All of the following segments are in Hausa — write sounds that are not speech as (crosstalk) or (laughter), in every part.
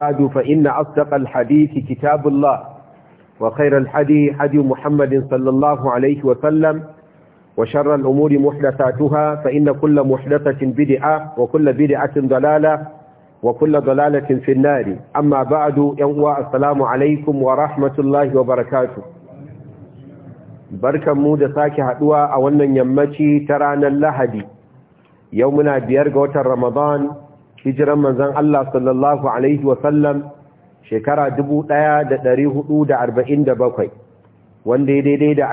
بعد فإن أصدق الحديث كتاب الله وخير الحدي حدي محمد صلى الله عليه وسلم وشر الأمور محدثاتها فإن كل محدثة بدعة وكل بدعة ضلالة وكل ضلالة في النار أما بعد ينوى السلام عليكم ورحمة الله وبركاته بركة مودة ساكي حدوى أولا يمتي ترانا اللهدي يومنا بيرغوة رمضان hijiran manzon Allah sallallahu alaihi wasallam shekara 1447 wanda ya daidai da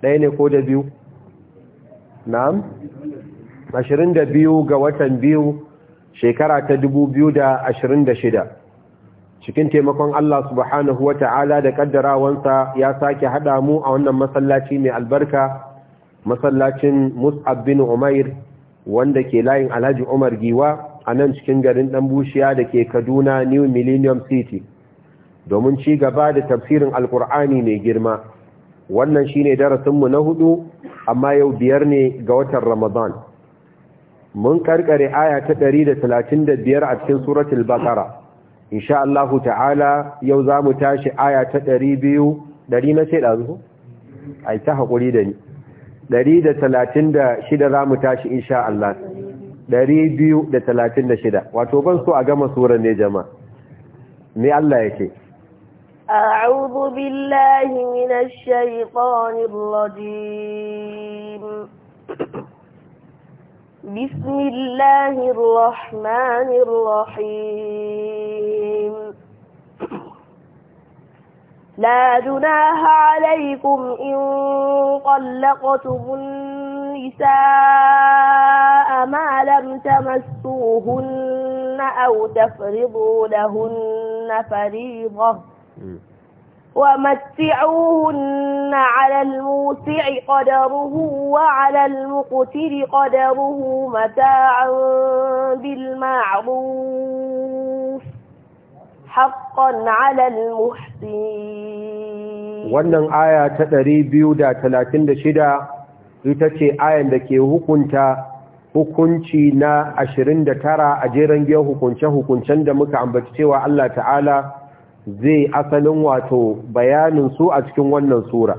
21 ne ko da biyu na'am 22 ga watan biyu shekara ta 2026 cikin taimakon Allah subhanahu wa ta'ala da kaddarawansa ya sake haɗa mu a wannan masallaci mai albarka masallacin Mus'ab bin Umair wanda ke layin alhaji umar giwa a nan cikin garin ɗan bushiya da ke kaduna new millennium city domin ci gaba da tafsirin alkur'ani mai girma wannan shi ne darasinmu na hudu amma yau biyar ne ga watan ramadan mun karkare aya ta biyar a cikin suratul baqara insha Allah ta'ala yau zamu tashi aya ta 200 dari na ce dazu ai ta hakuri da ni 136 za mu tashi insha Allah 236 wato ban so a gama surar ne jama'a me Allah yake أعوذ بالله من الشيطان الرجيم بسم الله الرحمن الرحيم لا جناح عليكم إن طلقتم النساء ما لم تمسوهن أو تفرضوا لهن فريضة ومتعوهن على الموسع قدره وعلى المقتر قدره متاعا بالمعروف haqqan 'ala al wannan aya ta 236 ita ce ayan da ke hukunta hukunci na tara a jeran giyan hukunce-hukuncen da muka ambaci cewa Allah ta'ala zai asalin wato bayanin su a cikin wannan sura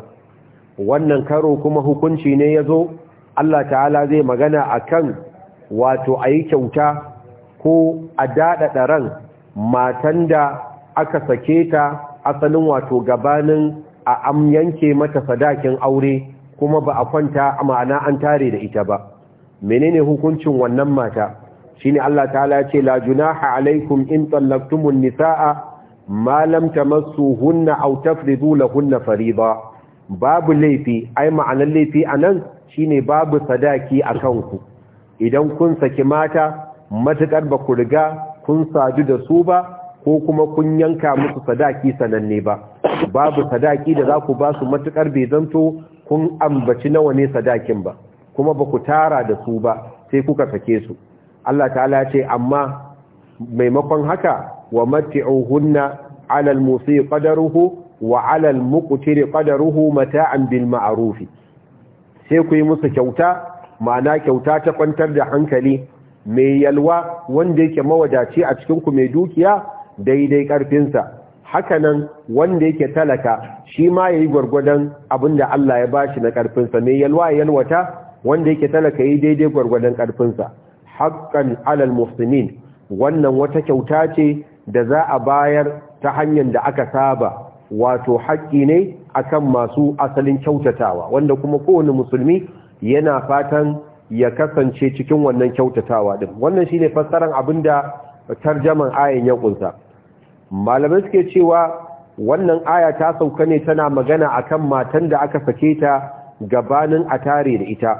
wannan karo kuma hukunci ne ya zo Allah ta'ala zai magana a kan wato a yi kyauta ko a daɗaɗa ran matan da aka sake ta asalin wato gabanin a am yanke mata sadakin aure kuma ba a kwanta ma'ana an tare da ita ba menene hukuncin wannan mata shine Allah ta'ala ya ce la junaha alaikum in tallaqtumun nisaa ma lam tamassuhunna aw tafridu lahunna fariida babu laifi ai ma'anar laifi anan shine babu sadaki akan ku idan kun saki mata matakar ba ku riga kun sadu da su ba ko kuma kun yanka musu sadaki sananne ba babu sadaki da za ku ba su matukar bai zanto kun ambaci nawa ne sadakin ba kuma ba ku tara da su ba sai kuka sake su Allah ta'ala ce amma maimakon haka wa matiuhunna 'ala al-musi qadaruhu wa 'ala al-muqtiri qadaruhu mata'an bil ma'ruf sai ku yi musu kyauta ma'ana kyauta ta kwantar da hankali mai yalwa wanda yake mawadaci a cikin ku mai dukiya daidai ƙarfinsa hakanan wanda yake talaka shi ma yayi yi abin abinda Allah ya bashi shi na ƙarfinsa mai yalwa yalwata wanda yake talaka yi daidai gwargwadon ƙarfinsa haƙƙan alal musulmin wannan wata kyauta ce da za a bayar ta hanyar da aka saba wato haƙƙi ne akan masu asalin kyautatawa wanda kuma kowane musulmi yana fatan ya kasance cikin wannan kyautatawa din wannan shine fassaran abinda tarjaman ayan ya kunsa malamai suke cewa wannan aya ta sauka ne tana magana akan matan da aka sake ta gabanin a tare da ita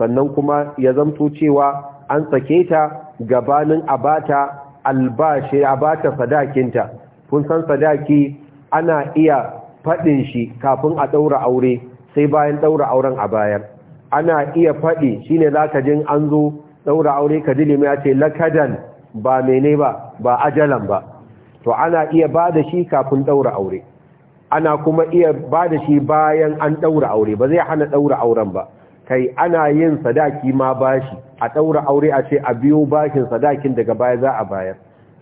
sannan kuma ya zanto cewa an sake ta gabanin a bata albashi abata sadakinta kun san sadaki ana iya faɗin shi kafin a ɗaura aure sai bayan ɗaura auren a bayar ana iya faɗi shine za ka jin an zo ɗaura aure ka ji ya ce lakadan ba mene ba ba ajalan ba to ana iya ba da shi kafin ɗaura aure ana kuma iya ba da shi bayan an ɗaura aure ba zai hana ɗaura auren ba kai ana yin sadaki ma bashi a ɗaura aure a ce a biyo bashin sadakin daga baya za a bayar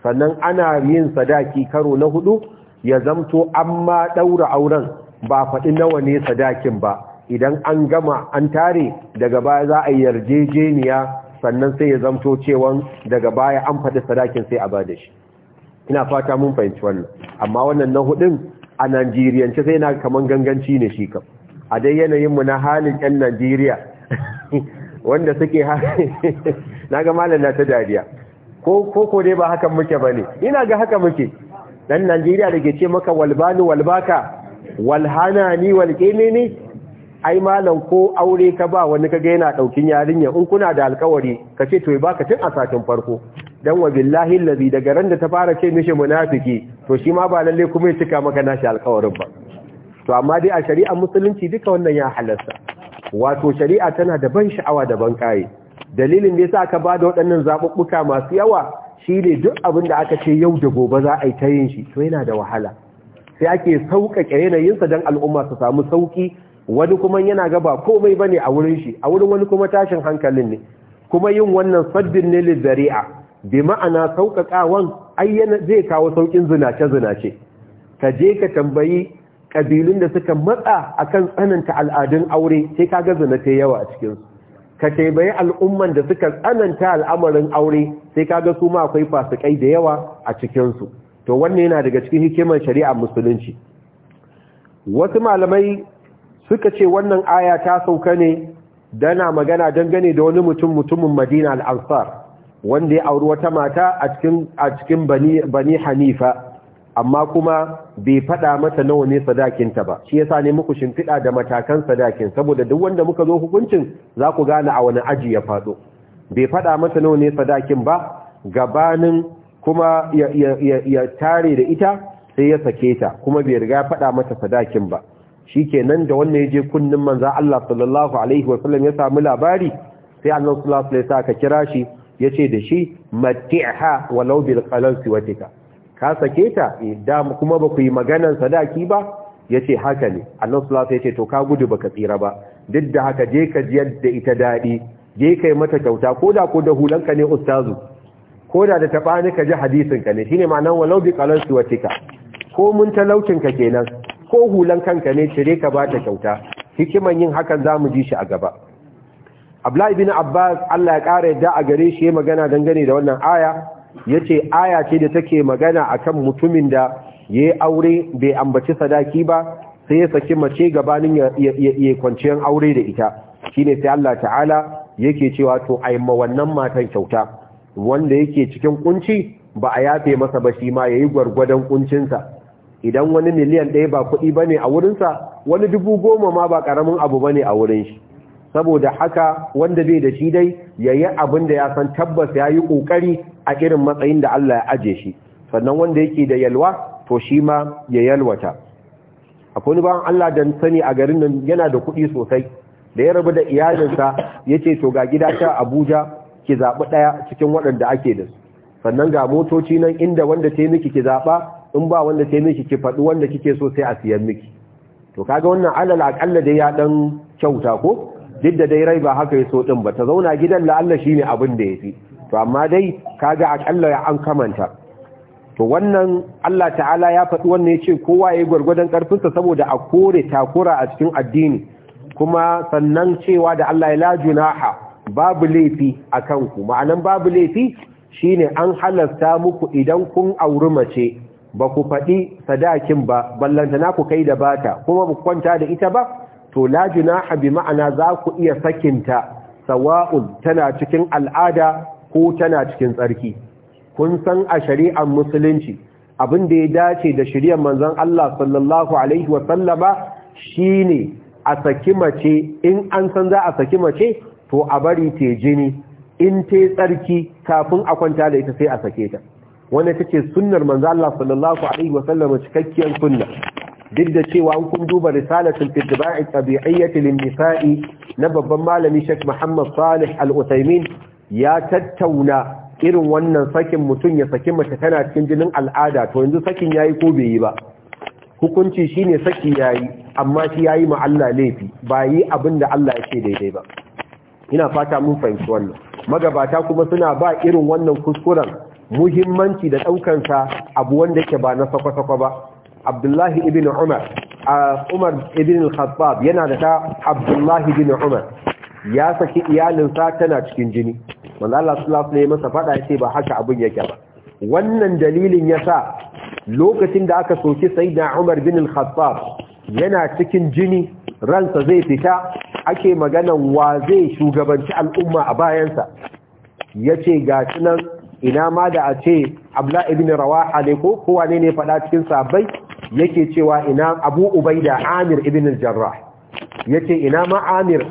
sannan ana yin sadaki karo na hudu ya zamto amma ɗaura auren ba faɗi nawa ne sadakin ba idan an gama an tare daga baya za a yarjejeniya sannan sai ya zamto cewan daga baya an faɗi sadakin sai a ba da shi ina fata mun fahimci wannan amma wannan na hudun a najeriyance sai na kamar ganganci ne shi kam a dai yanayin mu na halin 'yan najeriya (laughs) wanda suke (laughs) na ga malam na ta dariya ko ko dai ba hakan muke ba ne ina ga haka muke dan najeriya da ke ce maka walbani walbaka Walhana walhanani ne ne ai malam ko aure ka ba wani ka ga yana daukin yarinya in kuna da alkawari kace to ba ka tun a satin farko dan wa billahi allazi daga ran da ta fara ce mishi munafiki to shi ma ba lalle kuma ya cika maka nashi alkawarin ba to amma dai a shari'ar musulunci duka wannan ya halarta wato shari'a tana da ban sha'awa da ban kai dalilin da yasa aka da waɗannan zaɓuɓɓuka masu yawa shine duk abin da aka ce yau da gobe za a yi ta yin shi to yana da wahala sai ake sauƙaƙe yanayinsa don al'umma su samu sauƙi wani kuma yana ga ba komai bane a wurin shi a wurin wani kuma tashin hankalin ne kuma yin wannan saddin ne lizari'a bi ma'ana sauƙaƙawan ayyana zai kawo saukin zinace-zinace ka je ka tambayi ƙabilun da suka matsa akan tsananta al'adun aure sai ka ga zinace yawa a cikinsu ka taibayi al'umman da suka tsananta al'amarin aure sai ka ga su akwai fasikai da yawa a cikinsu to wannan yana daga cikin hikimar shari'ar musulunci wasu malamai suka ce wannan aya ta sauka ne dana magana dangane da wani mutum mutumin Madina al-Ansar wanda ya auri wata mata a cikin a cikin bani bani Hanifa amma kuma bai fada mata nawa ne sadakin ba shi yasa ne muku shimfiɗa da matakan sadakin saboda duk wanda muka zo hukuncin za ku gane a wani aji ya fado bai fada mata nawa ne sadakin ba gabanin kuma ya, tare da ita sai ya sake ta kuma bai riga fada mata sadakin ba shi shikenan da wannan ya je kunnin manza Allah sallallahu alaihi wasallam ya samu labari sai Allah sallallahu alaihi wasallam ka kira shi yace da shi mati'ha walau bil qalal siwatika ka sake ta eh, da kuma ba ku yi maganan sadaki ba yace haka ne Allah sallallahu ya yace to ka gudu ba ka tsira ba duk da haka je ka ji yadda ita daɗi je kai mata kyauta da ko da hulanka ne ustazu koda da tabani ka ji hadisin ka ne shine ma'anar walau bi qalal siwatika ko mun talaucin ka kenan ko hulan kanka ne cire ka ba ta kyauta hikiman yin hakan za mu ji shi a gaba abdullahi bin abbas allah ya ƙara yadda a gare shi ya magana dangane da wannan aya yace aya ce da take magana akan mutumin da ya yi aure bai ambaci sadaki ba sai ya saki mace gabanin ya kwanciyar aure da ita shine sai Allah ta'ala yake cewa to ai ma wannan matan kyauta wanda yake cikin kunci ba a yafe masa ba shi ma yayi gwargwadon kuncinsa idan wani miliyan ɗaya ba kuɗi ba ne a wurinsa wani dubu goma ma ba ƙaramin abu ba ne a wurin shi saboda haka wanda bai da shi dai yayi yi abin da ya san tabbas ya yi ƙoƙari a irin matsayin da Allah ya aje shi sannan wanda yake da yalwa to shi ma ya yalwata akwai ni bayan Allah da sani a garin nan yana da kuɗi sosai da ya rabu da iyalinsa ya ce to ga gida ta Abuja ki zaɓi ɗaya cikin waɗanda ake da su sannan ga motoci nan inda wanda ta miki ki zaɓa in ba wanda sai miki ki faɗi wanda kike so sai a siyan miki to kaga wannan alal akalla da ya dan kyauta ko duk da dai rai ba haka yaso din ba ta zauna gidan la Allah shine abin da yafi to amma dai kaga akalla an kamanta to wannan Allah ta'ala ya faɗi wannan yace kowa yayi gurgurdan karfinsa saboda a kore takura a cikin addini kuma sannan cewa da Allah ya la junaha babu laifi akan ku ma'anan babu laifi shine an halasta muku idan kun auri mace ba ku faɗi sadakin ba ballantana ku kai da bata kuma ku kwanta da ita ba to la junaha bi ma'ana za ku iya sakinta sawa'un tana cikin al'ada ko tana cikin tsarki kun san a shari'ar musulunci abin da ya dace da shari'ar manzon Allah sallallahu alaihi wa sallama shine a saki mace in an san za a saki mace to a bari te jini in te tsarki kafin a kwanta da ita sai a sake ta wanda take sunnar manzo Allah sallallahu alaihi wa sallam cikakkiyar sunna duk da cewa an kun duba risalatul fitba'i tabi'iyyati lin-nisa'i na babban malami Sheikh Muhammad Salih Al-Utsaimin ya tattauna irin wannan sakin mutum ya saki mace tana cikin jinin al'ada to yanzu sakin yayi ko bai yi ba hukunci shine saki yayi amma shi yayi ma Allah laifi ba yi abinda Allah yake daidai ba ina fata mun fahimci wannan magabata kuma suna ba irin wannan kuskuren muhimmanci da ɗaukansa abu wanda yake ba na sakwa-sakwa ba abdullahi ibn umar umar ibn al-khattab yana da ta abdullahi ibn umar ya saki iyalinsa tana cikin jini wanda Allah sallallahu masa fada yace ba haka abin yake ba wannan dalilin yasa lokacin da aka soki da umar bin al-khattab yana cikin jini ransa zai fita ake magana wa zai shugabanci al'umma a bayansa yace shi nan ina ma da a ce abla ibn rawaha ne ko kowa ne ne faɗa cikin sabai yake cewa ina abu ubaida amir ibn jarrah yace ina ma amir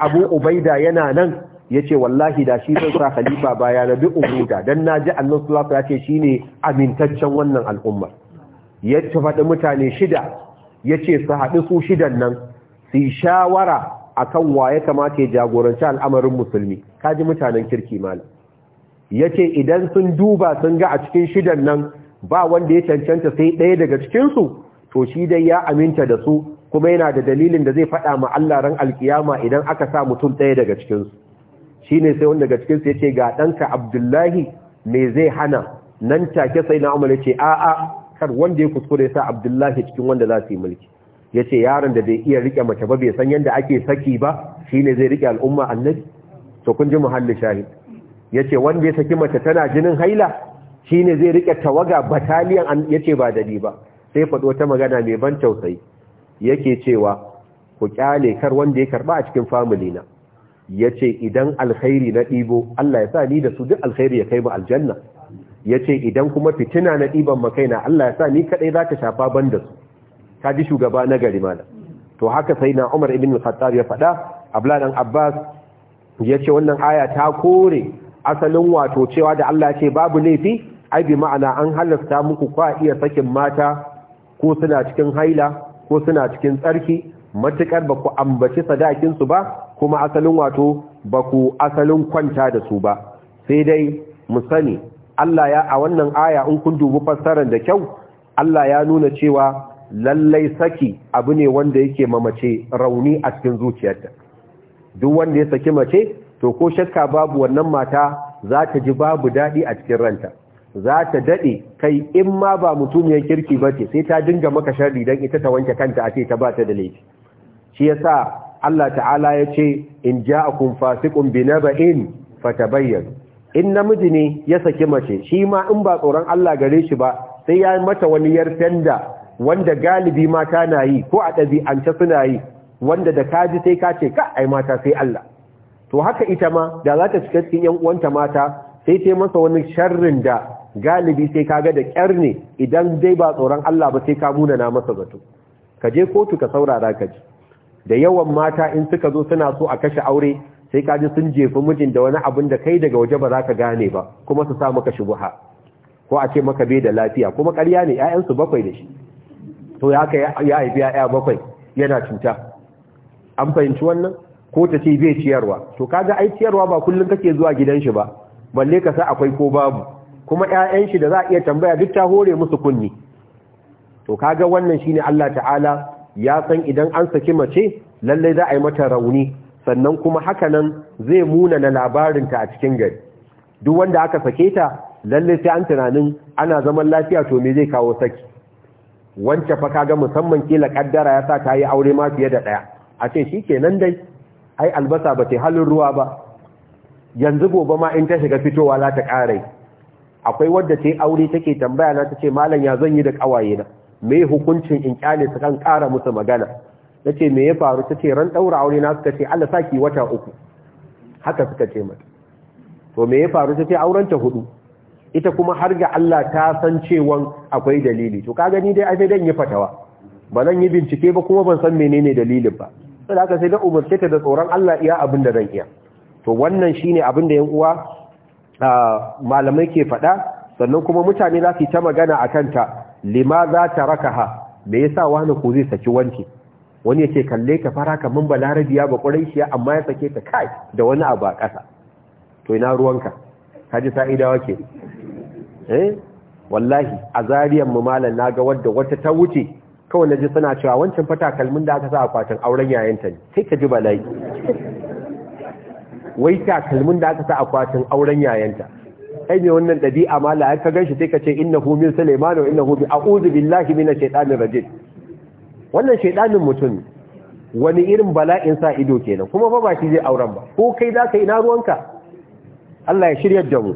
abu ubaida yana nan yace wallahi da shi sai sa khalifa baya na bi umuda dan naji annabi sallallahu alaihi wasallam shine amintaccen wannan al'umma yace faɗi mutane shida yace su haɗu su shidan nan su shawara akan ya kamata ya jagoranci al'amarin musulmi kaji mutanen kirki malam ya idan sun duba sun ga a cikin shidan nan ba wanda ya cancanta sai ɗaya daga cikinsu to shi dai ya aminta da su kuma yana da dalilin da zai fad'a ma Allah ran alkiyama idan aka sa mutum ɗaya daga cikinsu shi ne sai wanda daga cikinsu ya ce ga ɗanka abdullahi me zai hana nan take sai na umar ya ce a'a kar wanda ya kuskure sa abdullahi cikin wanda za su yi mulki Yace yaron da bai iya rike mace ba bai san yadda ake saki ba shi ne zai rike al'umma annabi to kun ji muhalli shahid yace wanda ya saki mace tana jinin haila Shi ne zai rike tawaga bataliyan yace ba dadi ba sai faɗo ta magana mai ban tausayi yake cewa ku kyale kar wanda ya karɓa a cikin famili na yace idan alkhairi na ɗibo, Allah ya sa ni da su duk alkhairi ya kai mu aljanna yace idan kuma fitina na ɗiban makaina Allah ya sa ni kadai za ta shafa da su ka ji shugaba na gari mana to haka sai na Umar ibn Khattab ya faɗa abladan dan Abbas ce wannan aya ta kore asalin wato cewa da Allah ce babu laifi ai bi ma'ana an halasta muku kwa iya sakin mata ko suna cikin haila ko suna cikin tsarki matukar ba ku ambaci sadakin su ba kuma asalin wato ba ku asalin kwanta da su ba sai dai mu sani Allah ya a wannan aya in kun dubi fassarar da kyau Allah ya nuna cewa lallai saki abu ne wanda yake mamace rauni a cikin zuciyarta duk wanda ya saki mace to ko shakka babu wannan mata za ta ji babu daɗi a cikin ranta za ta daɗe kai in ma ba mutumiyar kirki ba ce sai ta dinga maka sharri don ita ta wanke kanta a ce ta ba ta da laifi shi yasa Allah ta'ala ya ce in ja ja'akum fasiqun binaba'in fatabayyanu in namiji ne ya saki mace shi ma in ba tsoron Allah gare shi ba sai ya mata wani yar fenda wanda galibi mata na yi ko a ɗabi'ance suna yi wanda da kaji sai ka ce ka ai mata sai Allah to haka ita ma da za ta shiga cikin yan uwanta mata sai ta masa wani sharrin da galibi sai ka ga da kyar ne idan dai ba tsoron Allah ba sai ka muna na masa zato ka je kotu ka saurara ka ji da yawan mata in suka zo suna so a kashe aure sai ka ji sun jefi mijin da wani abin da kai daga waje ba za ka gane ba kuma su sa maka shubuha ko a ce maka bai da lafiya kuma ƙarya ne 'ya'yansu bakwai da shi to ya haka ya haifi yaya bakwai yana cuta an fahimci wannan ko ta ce zai ciyarwa to kaga ai ciyarwa ba kullun kake zuwa gidan shi ba balle ka sa akwai ko babu kuma ƴaƴan shi da za a iya tambaya duk ta hore musu kunni to kaga wannan shine Allah ta'ala ya san idan an saki mace lalle za a yi mata rauni sannan kuma haka nan zai muna na labarin ta a cikin gari duk wanda aka sake ta lalle sai an tunanin ana zaman lafiya to me zai kawo saki wance fa kaga musamman kila kaddara ya sa ta yi aure ma fiye da daya a ce shikenan dai ai albasa ba ta halin ruwa ba yanzu gobe ma in ta shiga fitowa za ta ƙare akwai wadda ta yi aure take tambaya na ta ce malam ya zan yi da ƙawaye na me hukuncin in kyale ta kan ƙara musu magana na ce me ya faru ta ce ran ɗaura aure na suka ce Allah saki wata uku haka suka ce mata to me ya faru ta ce auren ta hudu ita kuma har ga Allah ta san cewan akwai dalili to ka gani dai ai sai dan yi fatawa ba zan yi bincike ba kuma ban san menene dalilin ba sai aka sai na umarce ta da tsoron Allah iya abin da zan iya to wannan shine abin da yan uwa malamai ke faɗa sannan kuma mutane za su ta magana a kanta lima za ta raka ha me yasa wani ko zai saki wanki wani yake kalle ka fara ba balarabiya ba ƙuraishiya amma ya sake ta kai da wani abu a ƙasa to ina ruwanka kaji sa'idawa ke eh wallahi a zariyan mu malam naga wadda wata ta wuce kawai na ji suna cewa wancan fata kalmin da aka sa akwatin auren yayanta ne sai ka ji bala'i wai takalmin da aka sa akwatin auren yayanta ai me wannan dabi'a ma la ka ganshi sai ka ce hu min sulaiman wa innahu bi a'udhu billahi minash shaitanir rajim wannan shaitanin mutum wani irin bala'in sa ido kenan kuma fa ba shi zai auren ba ko kai za ka ina ruwanka Allah ya shirya da mu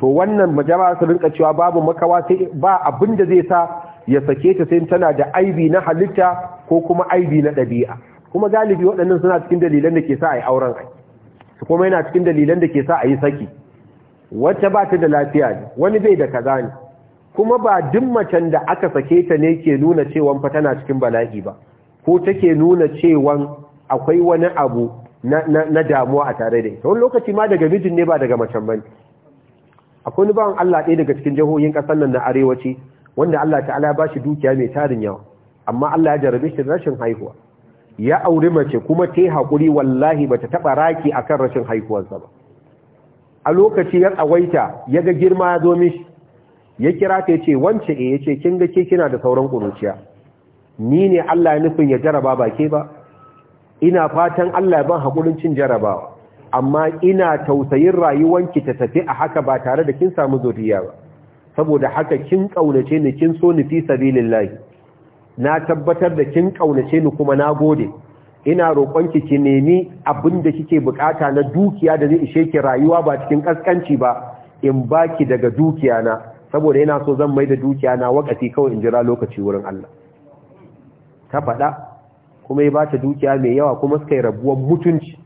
to wannan majama'a su rinka cewa babu makawa sai ba abinda zai sa ya sake ta sai tana da aibi na halitta ko kuma aibi na ɗabi'a kuma galibi waɗannan suna cikin dalilan da ke sa a yi auren ai su kuma yana cikin dalilan da ke sa a yi saki wacce ba ta da lafiya ne wani bai da kaza ne kuma ba duk macen da aka sake ta ne ke nuna cewa fa tana cikin bala'i ba ko take nuna cewa akwai wani abu na, na, na damuwa a tare da ita wani lokaci ma daga mijin ne ba daga macen bane akwai ni bawan Allah ɗaya daga cikin jihohin ƙasar nan na arewaci wanda Allah ta'ala ya bashi dukiya mai tarin yawa amma Allah ya jarabe shi rashin haihuwa ya auri mace kuma ta yi haƙuri wallahi bata ta taɓa raki a kan rashin haihuwarsa ba a lokaci ya tsawaita ya ga girma ya zo mishi ya kira ta ce wance e ya ce kin ga ke kina da sauran ƙuruciya ni ne Allah ya nufin ya jaraba ba ke ba ina fatan Allah ya ban haƙurin cin jarabawa amma ina tausayin rayuwanki ta tafi a haka ba tare da kin samu zuriya ba saboda haka kin kaunace ni kin so ni fi sabilillahi na tabbatar da kin kaunace ni kuma na gode ina roƙonki ki ki nemi abin da kike bukata na dukiya da zai ishe ki rayuwa ba cikin kaskanci ba in baki daga dukiya na saboda yana so zan mai da dukiya na wakati kawai in jira lokaci wurin Allah ta faɗa kuma ya bata dukiya mai yawa kuma suka yi rabuwar mutunci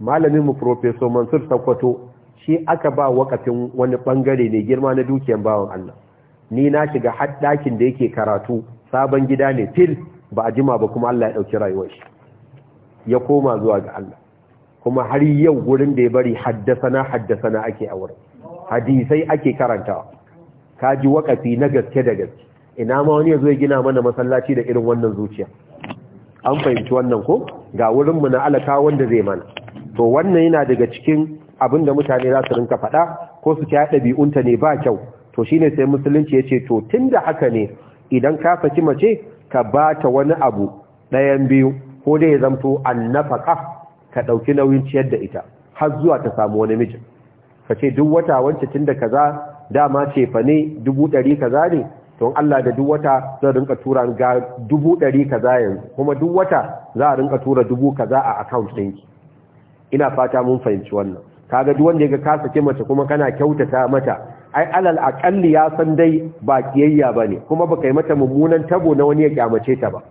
malamin mu professor Mansur Sakwato shi aka ba wakafin wani bangare ne girma na dukiyan bawan Allah ni na shiga haddakin da yake karatu sabon gida ne fil ba a jima ba kuma Allah ya dauki rayuwar shi ya koma zuwa ga Allah kuma har yau gurin da ya bari haddasana haddasana ake a wurin hadisai ake karantawa ji wakafi na gaske da gaske ina ma wani yazo ya gina mana masallaci da irin wannan zuciya an fahimci wannan ko ga wurin mu na alaka wanda zai mana to wannan yana daga cikin Abin da mutane za su rinka faɗa ko su ta ɗabi'unta ne ba kyau to shine sai musulunci ya ce to tun da haka ne idan ka saki mace ka ba ta wani abu ɗayan biyu ko dai ya zamto nafaƙa ka ɗauki nauyin ciyar da ita har zuwa ta samu wani mijin ka ce duk wata wancan tun ka kaza dama ce fa ne dubu ɗari kaza ne don Allah da duk wata zan rinka tura ga dubu ɗari kaza yanzu kuma duk wata za a rinka tura dubu kaza a account ɗinki ina fata mun fahimci wannan Ka ga duk wanda yaga ka sake mace kuma kana kyautata mata ai alal aqalli ya san dai ba kiyayya ba bane kuma baka yi mata mummunan tabo na wani ya kyamace ta ba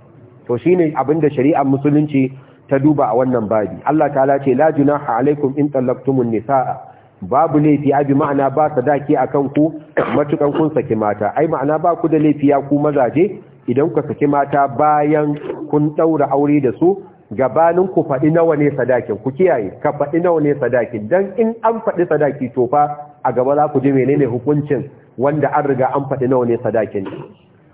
to shine da shari'ar musulunci ta duba a wannan babi Allah ta'ala ce la junaha alaikum in talaqtumun nisaa babu laifi abi ma'ana ba sadaki akan ku matukan kun saki mata ai ma'ana ba ku da laifi ya ku mazaje idan ku saki mata bayan kun ɗaura aure da su gabanin ku faɗi nawa ne sadakin ku kiyaye ka faɗi nawa ne sadakin dan in an faɗi sadaki to fa a gaba za ku ji menene hukuncin wanda an riga an faɗi nawa ne sadakin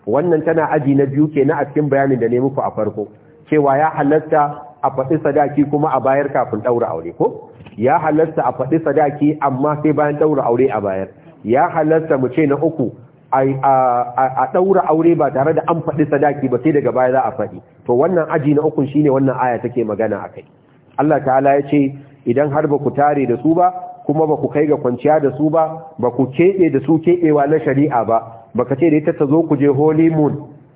wannan tana aji na biyu kenan a cikin bayanin da ne muku a farko cewa ya halatta a faɗi sadaki kuma a bayar kafin ɗaura aure ko ya halatta a faɗi sadaki amma sai bayan ɗaura aure a bayar ya halatta mu ce na uku a ɗaura aure ba tare da an faɗi sadaki ba sai daga baya za a faɗi to wannan aji na ukun shi ne wannan aya take magana a kai Allah ta'ala ya ce idan har ba ku tare da su ba kuma ba ku kai ga kwanciya da su ba ba ku keɓe da su keɓewa na shari'a ba ba ka ce da ita ta zo ku je holy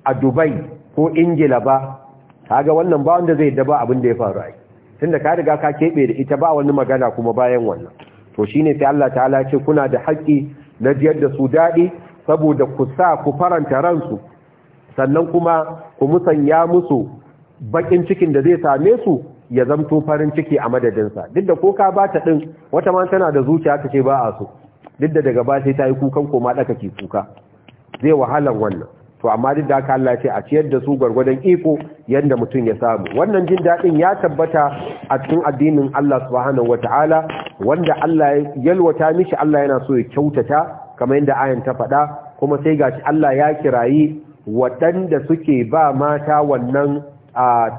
a dubai ko ingila ba kaga wannan ba wanda zai daba abin da ya faru ai tunda ka riga ka keɓe da ita ba wani magana kuma bayan wannan to shine sai Allah ta'ala ce kuna da haƙƙi na jiyar da su daɗi saboda ku sa ku faranta ransu sannan kuma ku musanya musu bakin cikin da zai same su ya zamto farin ciki a madadinsa duk da ko ka bata din wata ma tana da zuciya ta ce ba a so duk da daga ba sai ta yi kukan koma daka ke kuka zai wahalan wannan to amma duk da haka Allah ce a ciyar da su gwargwadon iko yanda mutum ya samu wannan jin dadin ya tabbata a cikin addinin Allah subhanahu wataala wanda Allah ya yalwata mishi Allah yana so ya kyautata kamar yadda ayan ta faɗa kuma sai gashi Allah ya kirayi waɗanda suke ba mata wannan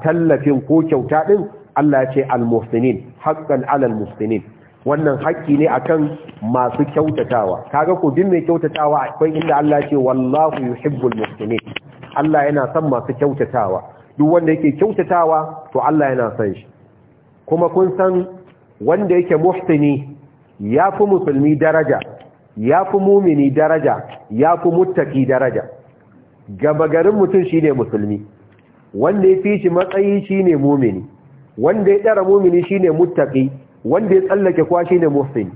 tallafin ko kyauta ɗin Allah ya ce al-muhsinin 'alal muhsinin wannan haƙƙi ne akan masu kyautatawa kaga ko din mai kyautatawa akwai inda Allah ce wallahu yuhibbul muhsinin Allah yana son masu kyautatawa duk wanda yake kyautatawa to Allah yana son shi kuma kun san wanda yake muhsini fi musulmi daraja ya fi mumini daraja ya fi muttaki daraja gaba garin mutum shi ne musulmi wanda ya fi shi matsayi shi ne mumini wanda ya ɗara mumini ne muttaki wanda ya tsallake kwa ne musulmi.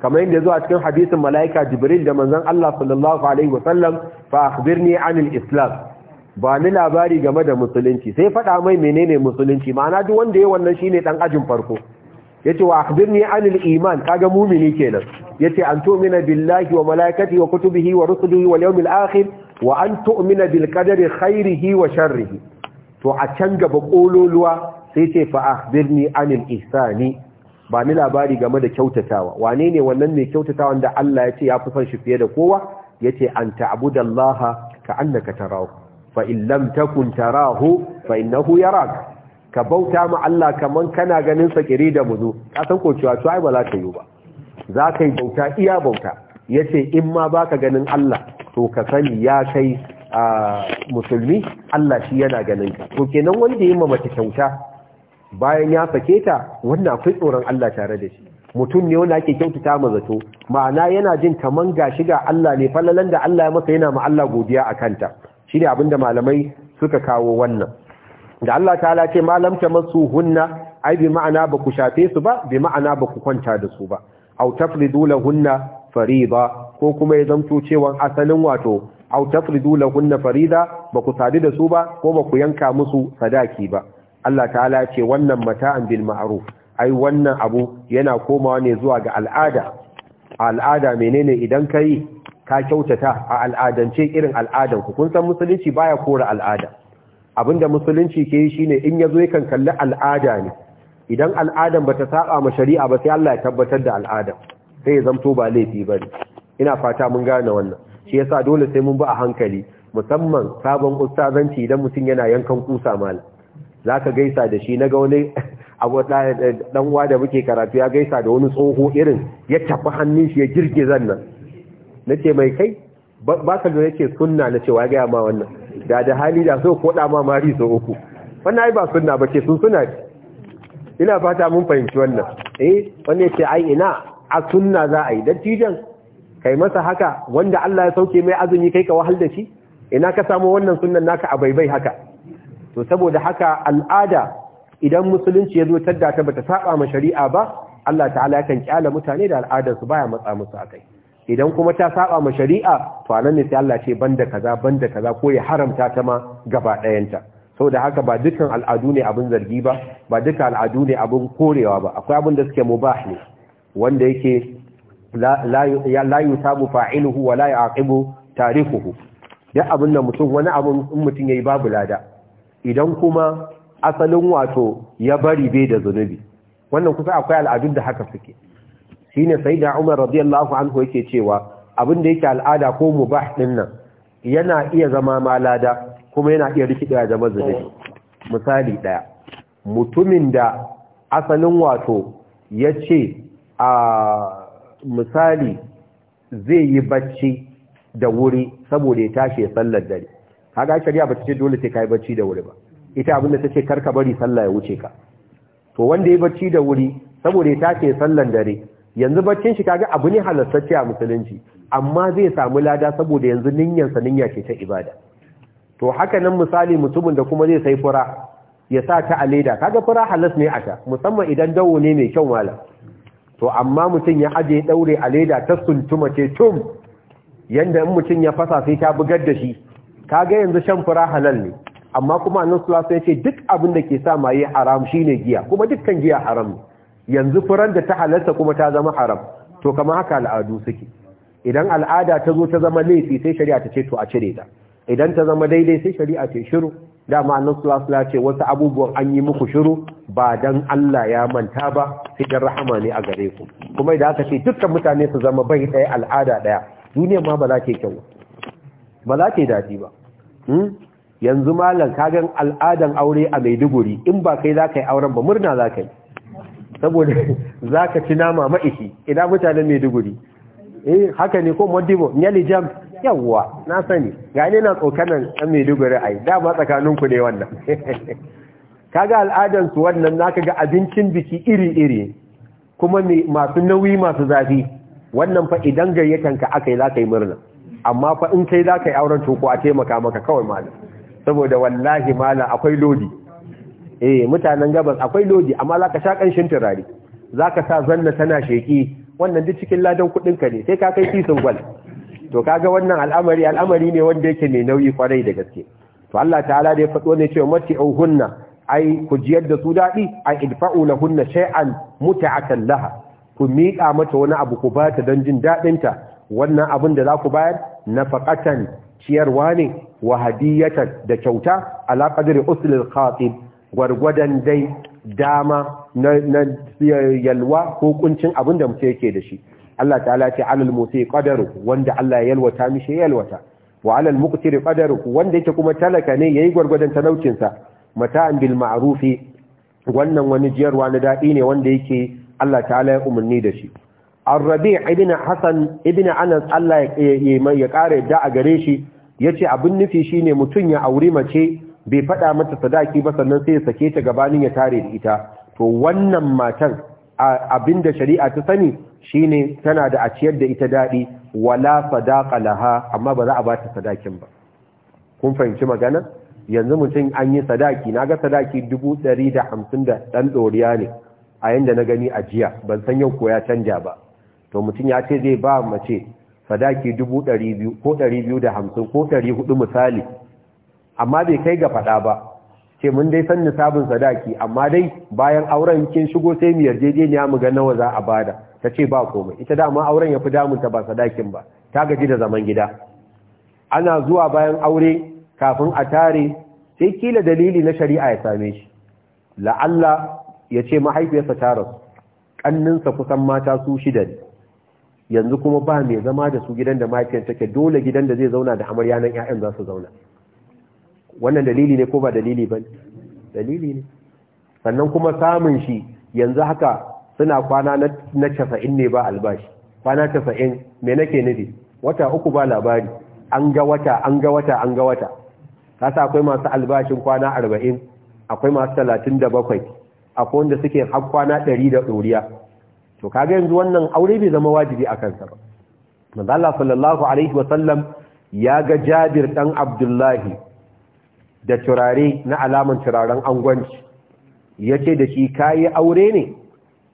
kamar yadda zuwa cikin hadisin mala'ika jibril da manzon Allah sallallahu alaihi wasallam fa akhbirni anil islam ba ni labari game da musulunci sai faɗa mai menene musulunci ma'ana duk wanda ya wannan shine ɗan ajin farko yace wa akhbirni anil iman kaga mumini kenan yace an tu'mina billahi wa malaikatihi wa kutubihi wa rusulihi wal yawmil akhir wa an tu'mina bil qadari khairihi wa sharrihi to a can gaba kololuwa sai ce fa akhbirni anil ihsani ba ni labari game da kyautatawa wane ne wannan mai kyautatawa da Allah ya ce ya fi son shi fiye da kowa yace an ta'budallaha ka annaka tarahu fa in lam takun tarahu fa innahu yarak ka bauta ma Allah kaman kana ganin sa kiri da muzu ka san ko cewa cewa ba za ka yi ba za ka yi bauta iya bauta yace in ma baka ganin Allah to ka sani ya kai a musulmi Allah shi yana ganin ka to kenan wanda yayin mace kyauta bayan ya sake ta wannan akwai tsoron Allah tare da shi mutum ne wanda ake kyautata ma zato ma'ana yana jin kaman gashi ga Allah ne fallalan da Allah ya masa yana ma Allah godiya a kanta shine abinda malamai suka kawo wannan da Allah ta'ala ce malam hunna ai bi ma'ana ba ku shafe su ba bi ma'ana ba ku kwanta da su ba aw tafridu lahunna farida ko kuma ya zamto cewa asalin wato aw tafridu lahunna farida ba ku sadu da su ba ko ba ku yanka musu sadaki ba Allah ta'ala ce wannan mata'an bil ma'ruf ai wannan abu yana komawa ne zuwa ga al'ada al'ada menene idan kai ka kyautata a al'adance irin al'adan ku kun san musulunci baya kora al'ada abinda musulunci ke yi shine in yazo yakan kalli al'ada ne idan al'adan bata saba ma shari'a ba sai Allah ya tabbatar da al'ada. sai ya zamto ba laifi bane ina fata mun gane wannan shi yasa dole sai mun bi a hankali musamman sabon ustazanci idan mutum yana yankan kusa mal zaka gaisa da shi naga wani (laughs) uwa da muke karatu ya gaisa da wani tsoho irin ya tafi hannun shi ya girgiza nan na mai kai ba ka ga yake sunna na cewa ya gaya ma wannan da da hali da so koda ma mari so uku wannan ai ba sunna bace sun suna ina fata mun fahimci wannan eh wanda yake ai ina a sunna za a yi dattijan kai masa haka wanda Allah ya sauke mai azumi kai ka wahal da shi ina ka samu wannan sunnan naka a baibai haka to saboda haka al'ada idan musulunci ya zo tadda ta bata saba ma shari'a ba Allah ta'ala kan kyala mutane da al'adarsu baya matsa musu akai idan kuma ta saba ma shari'a to anan ne sai Allah ce banda kaza banda kaza ko ya haramta ta ma gaba ɗayanta saboda haka ba dukkan al'adu ne abin zargi ba ba dukkan al'adu ne abin korewa ba akwai abin da suke mubah ne wanda yake la yusabu fa'iluhu wa la ya'qibu tarikuhu duk abin da mutum wani abin in mutum yayi babu lada idan kuma asalin wato ya bari bai da zunubi wannan kusa akwai al'adun da haka suke Sai da Umar radiyallahu anhu yake cewa abin da yake al'ada ko mubah din nan yana iya zama malada kuma yana iya rikidewa da mazuni misali daya mutumin da asalin wato yace a misali zai yi bacci da wuri saboda ya tashi sallar dare kaga shari'a ba ta ce dole sai kai bacci da wuri ba ita abin da tace karka bari sallah ya wuce ka to wanda ya bacci da wuri saboda ya tashi sallar dare yanzu baccin shi kaga abu ne halastacce a musulunci amma zai samu lada saboda yanzu ninyansa ninya ce ta ibada to haka nan misali mutumin da kuma zai sai fura ya sa ta a leda kaga fura halas ne a ta musamman idan dawo ne mai kyau mala to amma mutum ya aje daure a leda ta suntuma ce tum yanda in mutum ya fasa sai ta bugar da shi kaga yanzu shan fura halal ne amma kuma nan sallallahu ya ce duk abin da ke sa maye haram shine giya kuma dukkan giya haram ne yanzu furan da ta halarta kuma ta zama haram to kama haka al'adu suke idan al'ada ta zo ta zama laifi sai shari'a ta ce to a cire ta idan ta zama daidai sai shari'a ce shiru dama annan sulasula ce wasu abubuwan an yi muku shiru ba dan Allah ya manta ba dan rahama ne a gare ku kuma idan aka ce dukkan mutane su zama bai ɗaya al'ada ɗaya duniya ma ba za ta kyau ba za ta daɗi ba hmm? yanzu malam ga al'adan aure a maiduguri in ba kai za ka yi auren ba murna za ka yi saboda (laughs) za ka ci nama ma'ishi idan mutanen maiduguri eh haka ne ko modibo nyali jam yawwa na sani ga na tsokanan ɗan maiduguri ai dama tsakaninku ne wannan (laughs) kaga al'adansu wannan na ga abincin biki iri-iri kuma masu nauyi masu zafi wannan fa idan gayyatan ka aka yi za ka yi murna amma fa in kai za ka yi auren toko a taimaka maka kawai malam saboda wallahi malam akwai lodi eh mutanen gabas akwai lodi amma za ka sha kanshin turare za ka sa zanna tana sheki wannan duk cikin ladan kudin ka ne sai ka kai kisin gwal to kaga wannan al'amari al'amari ne wanda yake mai nauyi kwarai da gaske to Allah ta'ala da ya faɗo ne cewa mati hunna ai ku jiyar da su dadi ai idfa'u lahunna shay'an muta'atan laha ku miƙa mata wani abu ku ba ta don jin dadin ta wannan abin da za ku bayar nafaqatan ciyarwa ne wa hadiyatan da kyauta ala qadri uslil khatib gwargwadon dai dama na yalwa ko kuncin abin da mutum yake da shi Allah ta ce alal motsi ƙadar wanda Allah ya yalwata mishi yalwata wa alal muqtir ƙadar wanda yake kuma talaka ne ya yi gwargwadon talaucin sa mata'an bil ma'arufi wannan wani jiyarwa na daɗi ne wanda yake Allah Ta ya umarni da shi Ar-Rabi' ibn Hassan ibn Anas Allah ya ƙara kare a gare shi Ya ce abin nufi shine mutum ya auri mace bai faɗa mata sadaki ba sannan sai ya sake ta gabanin ya tare da ita to wannan matan abin da shari'a ta sani shine tana da a ciyar da ita daɗi wala sadaqa laha amma ba za a ba ta sadakin ba kun fahimci magana yanzu mutum an yi sadaki naga sadaki dubu ɗari da hamsin da ɗan ɗoriya ne a yanda na gani a jiya ban san yau ko ya canja ba to mutum ya ce zai ba mace sadaki dubu ɗari biyu ko ɗari biyu da hamsin ko ɗari hudu misali amma bai kai ga faɗa ba ce mun dai san nisabin sadaki amma dai bayan auren kin shigo sai mu yarjejeniya mu ga nawa za a bada ta ce ba komai ita dama auren ya fi damunta ba sadakin ba ta gaji da zaman gida ana zuwa bayan aure kafin a tare sai kila dalili na shari'a ya same shi la'alla ya ce mahaifiyarsa ta rasu ƙanninsa kusan mata su shida ne yanzu kuma ba mai zama da su gidan da mahaifiyar take dole gidan da zai zauna da amarya nan 'ya'yan za su zauna wannan dalili ne ko ba dalili ba dalili ne sannan kuma samun shi yanzu haka suna kwana na casa'in ne ba albashi kwana casa'in me nake nufi wata uku ba labari an ga wata an ga wata an ga wata kasa akwai masu albashin kwana arba'in akwai masu talatin da bakwai akwai wanda suke har kwana ɗari da ɗoriya to kaga yanzu wannan aure bai zama wajibi a kansa ba manzo Allah sallallahu alaihi wa sallam ya ga Jabir dan Abdullahi da turare na alaman turaren angwanci ya ce da shi ka yi aure ne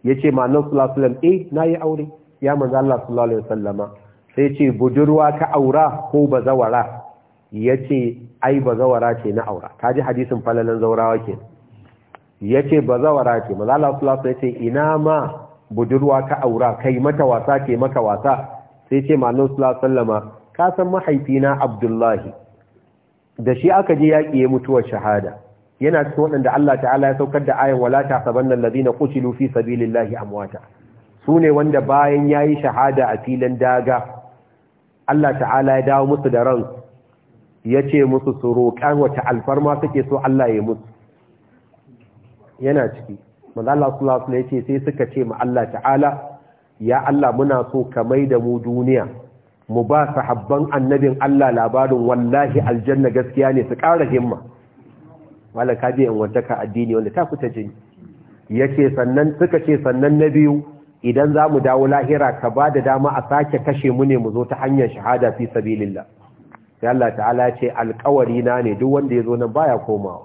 ya ce ma'anar sulasulam eh na yi aure ya manzo Allah sulalai sallama sai ce budurwa ka aura ko bazawara ya ce ai bazawara ce na aura ka ji hadisin falalin zaurawa ke ya ce bazawara ce manzo Allah sulasulam ya ce ina ma budurwa ka aura kai mata wasa ke maka wasa sai ce ma'anar sulasulam ka san mahaifina Abdullahi da shi aka je yaƙi ya mutuwar shahada yana cikin waɗanda Allah ta'ala ya saukar da ayan wala tahsabanna alladhina qutilu fi sabilillahi amwata sune wanda bayan yayi shahada a filin daga Allah ta'ala ya dawo musu da ran yace musu su roƙan wata alfarma suke so Allah ya musu yana ciki manzo Allah sallallahu alaihi wasallam yace sai suka ce ma Allah ta'ala ya Allah muna so ka mai da mu duniya mu ba su habban annabin Allah labarin wallahi aljanna gaskiya ne su ƙara himma wala ka biyan wantaka addini wanda ta fita jini yace sannan suka ce sannan na biyu idan za mu dawo lahira ka ba da dama a sake kashe mu ne mu zo ta hanyar shahada fi sabilillah sai Allah ta'ala ce alƙawari na ne duk wanda ya zo nan baya komawa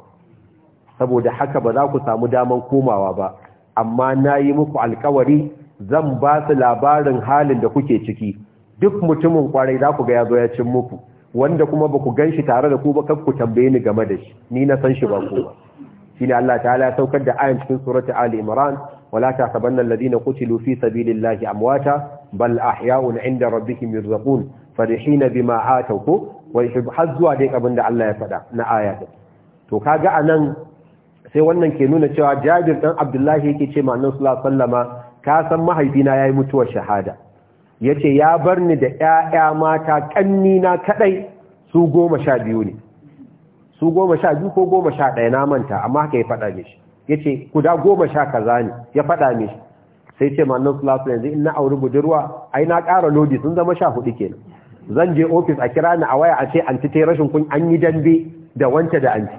saboda haka ba za ku samu daman komawa ba amma na yi muku alƙawari zan ba su labarin halin da kuke ciki duk mutumin kwarai za ku ga ya zo ya cin muku wanda kuma ba ku gan shi tare da ku ba ku tambaye ni game da shi ni na san shi ba ku ba ne Allah ta'ala ya saukar da ayan cikin surati Ali Imran wala sabanna alladhina qutilu fi sabilillahi amwata bal ahya'un 'inda rabbihim yurzaqun farihina bima atawku wa yuhazzuwa dai da Allah ya faɗa na aya to kaga anan sai wannan ke nuna cewa Jabir dan Abdullahi yake ce ma Annabi sallallahu alaihi wasallama ka san mahaifina yayi mutuwar shahada yace ya bar ni da 'ya'ya mata ƙannina na kaɗai su goma sha biyu ne su goma sha biyu ko goma sha ɗaya na manta amma haka ya faɗa mishi ya ce kuda goma sha kaza ne ya faɗa mishi sai ce mannan sulasu yanzu in na auri budurwa ai na ƙara lodi sun zama sha hudu kenan zan je ofis a kira ni a waya a ce anti ta rashin kun an yi dambe da wanta da anti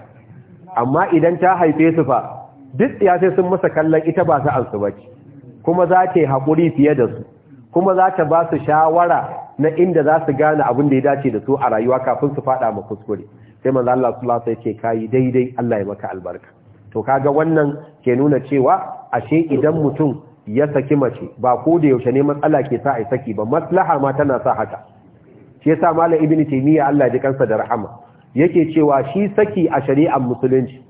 amma idan ta haife su fa duk ya sai sun masa kallon ita ba su an su ba kuma za ta yi haƙuri fiye da su kuma za ta ba su shawara na inda za su gane abin da ya dace da su a rayuwa kafin su fada ma kuskure sai manzo Allah sallallahu alaihi wasallam ce kai daidai Allah ya maka albarka to kaga wannan ke nuna cewa ashe idan mutum ya saki mace ba ko da yaushe ne matsala ke sa ai saki ba maslaha ma tana sa haka shi yasa malam ibnu taymiya Allah ya ji kansa da rahama yake cewa shi saki a shari'ar musulunci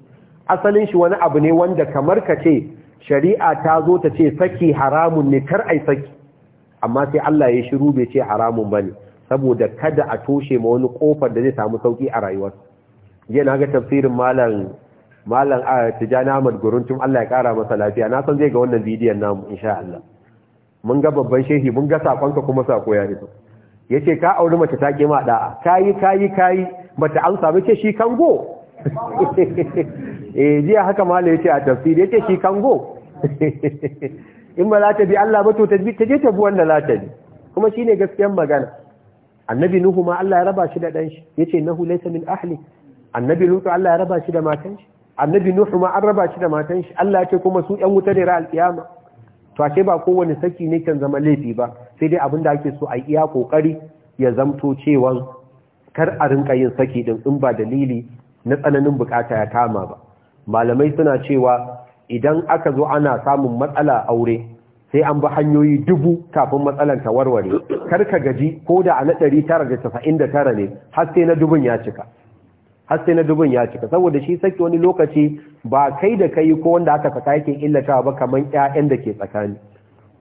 asalin shi wani abu ne wanda kamar ka ce shari'a ta zo ta ce saki haramun ne kar ai saki amma sai Allah ya shiru bai ce haramun ba ne, saboda kada a toshe ma wani kofar da zai samu sauki a rayuwar je na ga tafsirin malam malam ah, Tijani Ahmad guruntun Allah ya kara masa lafiya na san zai ga wannan bidiyon namu insha Allah mun ga babban shehi mun ga sakonka kuma sako ya iso yace ka auri mace ta ke ma da'a kayi kayi kayi bata an samu ce shi kango (laughs) eh jiya haka malam yace a tafsiri yace shi kango (laughs) in ba za ta bi Allah ba to ta bi ta je ta bi wanda za ta bi kuma shine gaskiyar magana annabi nuhu ma Allah ya raba shi da dan shi yace nahu laysa min ahli annabi lutu Allah ya raba shi da matan shi annabi nuhu ma an raba shi da matan shi Allah yace kuma su yan wuta ne ra alkiyama to ashe ba kowane saki ne kan zama laifi ba sai dai abin ake so a iya kokari ya zamto cewa kar a rinka yin saki din in ba dalili na tsananin bukata ya kama ba malamai suna cewa idan aka zo ana samun matsala aure sai an bi hanyoyi dubu kafin matsalan ta warware kar ka gaji ko da a na 999 ne haske na dubun ya cika haske na dubun ya cika saboda shi saki wani lokaci ba kai da kai ko wanda aka saka yake illata ba kamar ƴaƴan da ke tsakani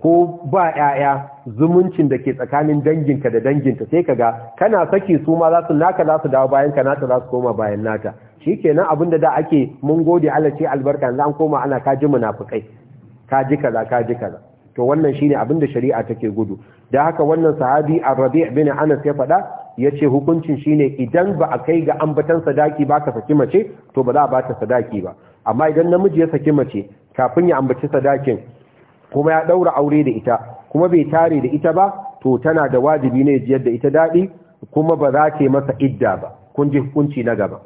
ko ba ‘ya'ya zumuncin da ke tsakanin danginka da danginta sai ka ga kana saki su ma za su naka za su dawo bayan ka nata za su koma bayan nata shi ke nan abinda da ake mun gode Allah ce albarka za an koma ana kaji munafukai kaji kaza kaji kaza to wannan shine da shari'a take gudu da haka wannan sahabi a rabi bin anas ya faɗa ce hukuncin shine idan ba a kai ga ambatan sadaki ba ka saki mace to ba za a ba ta sadaki ba amma idan namiji ya saki mace kafin ya ambaci sadakin kuma ya ɗaura aure da ita kuma bai tare da ita ba to tana da wajibi ne jiyar da ita daɗi. kuma ba za ta masa idda ba kun ji hukunci na gaba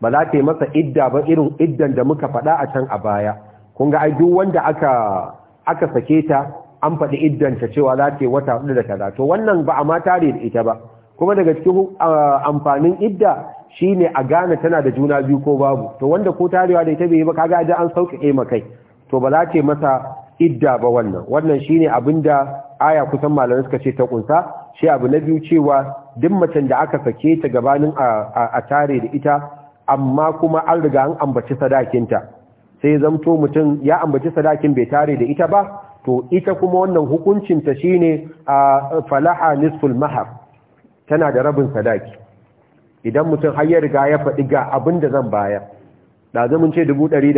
ba za ta masa idda ba irin iddan da muka faɗa a can a baya kun ga ai wanda aka sake ta an faɗi iddan ta cewa za ta yi wata hudu da kaza to wannan ba a ma tare da ita ba kuma daga cikin ah, amfanin idda shine a gane tana da juna biyu ko babu to wanda ko tarewa da ita bai yi ba kaga aje an sauƙaƙe ma kai to ba za ta masa idda ba wannan wannan shine abinda aya kusan malamai suka ce ta kunsa shi abu na biyu cewa duk macen da aka sake ta gabanin a tare da ita amma kuma an riga an ambaci sadakinta sai zamto mutum ya ambaci sadakin bai tare da ita ba to ita kuma wannan hukuncin hukuncinta shine a falaha nisful mahar tana da rabin sadaki idan mutum har ya riga ya faɗi ga abin da zan bayar da zamun ce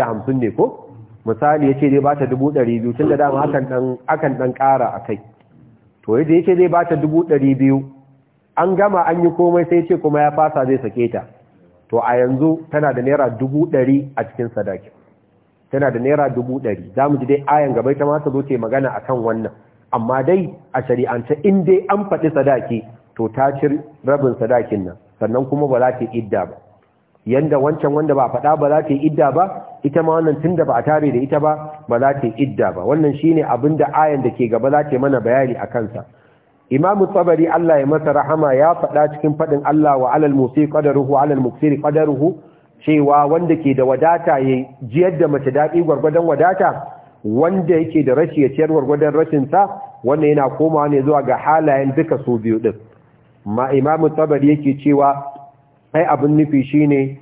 hamsin ne ko misali yace zai ba ta dubu ɗari tunda dama da dama akan ɗan ƙara a kai. to yadda yace zai ba ta dubu ɗari biyu, an gama an yi komai sai ce kuma ya fasa zai sake ta to a yanzu tana da naira dubu ɗari a cikin sadaki tana da naira dubu ɗari. Za mu ji dai ayan gaba ta ma ta zo ce magana kan wannan amma dai a shari'ance in dai an faɗi sadaki to ta ci rabin sadakin nan sannan kuma ba za ta idda ba yanda wancan wanda ba faɗa ba za ta yi idda ba ita ma wannan tunda ba a tare da ita ba ba za ta yi idda ba wannan shine abin da ayan da ke gaba za ta yi mana bayani a kansa imamu tsabari Allah ya masa rahama ya faɗa cikin faɗin Allah wa alal musi qadaruhu alal muksiri qadaruhu cewa wanda ke da wadata ya jiyar da mace daɗi gwargwadon wadata wanda yake da rashi ya ciyar gwargwadon rashin sa wanda yana komawa ne zuwa ga halayen duka su biyu ɗin. ma imamu tsabari yake cewa ai abin nufi shine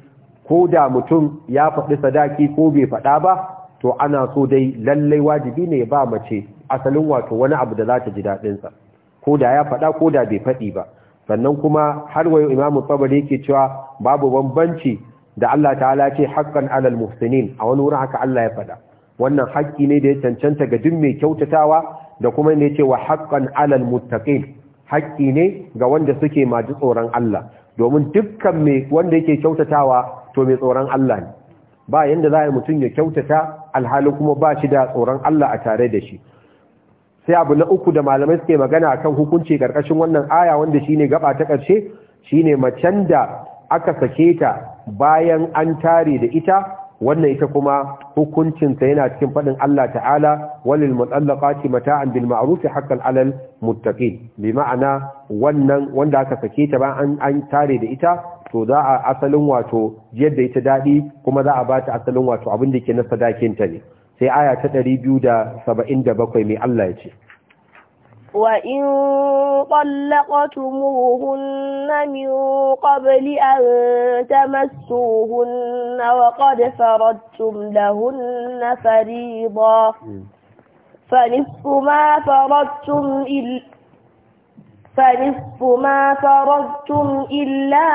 ko da mutum ya faɗi sadaki ko bai faɗa ba to ana so dai lallai wajibi ne ba mace asalin wato wani abu da za ta ji daɗinsa ko da ya faɗa ko da bai faɗi ba sannan kuma har wayo imamu tsabar yake cewa babu bambanci da Allah ta'ala ce haƙƙan alal muhsinin a wani wurin haka Allah ya faɗa wannan haƙƙi ne da ya cancanta ga duk mai kyautatawa da kuma ne ce wa haƙƙan alal muttaqin haƙƙi ne ga wanda suke maji tsoron Allah domin dukkan mai wanda yake kyautatawa to mai tsoron Allah ne ba yanda za a yi mutum ya kyautata alhali kuma ba shi da tsoron Allah a tare da shi sai abu na uku da malamai suke magana akan hukunci karkashin wannan aya wanda shine gaba ta karshe shine macen da aka sake ta bayan an tare da ita wannan ita kuma hukuncinta yana cikin faɗin Allah ta'ala walil mutallaqati mata'an bil ma'arufi haqqan 'alal muttaqin bi ma'ana wannan wanda aka sake ta ba an an tare da ita to za a asalin wato yadda ita daɗi, kuma za a ba ta asalin wato abin da ke na sadakinta ne sai aya ta 277 mai Allah ya ce وإن طلقتموهن من قبل أن تمسوهن وقد فرضتم لهن فريضا فنصف ما فرضتم إلا فنصف ما فرضتم إلا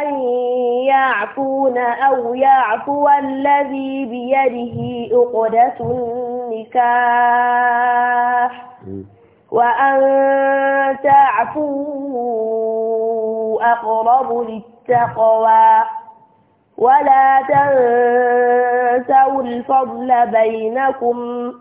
أن يعفون أو يعفو الذي بيده عقدة النكاح وأن تعفوا أقرب للتقوى ولا تنسوا الفضل بينكم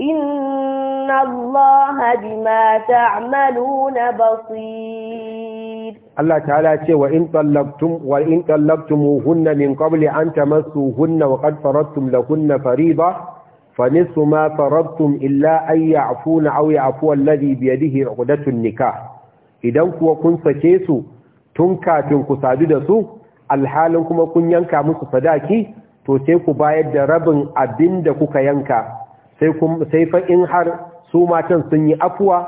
إن الله بما تعملون بصير الله تعالى ce wa in tallaqtum wa in tallaqtumuhunna min qabli an tamassuhunna wa qad faradtum lahunna fariida فنصف ما فرضتم إلا أن يعفون أو يعفو الذي بيده عقدة النكاح idan kuwa kun sake su tun kafin ku sadu da su alhalin kuma kun yanka musu sadaki to sai ku bayar da rabin abin da kuka yanka sai fa in har su matan sun yi afuwa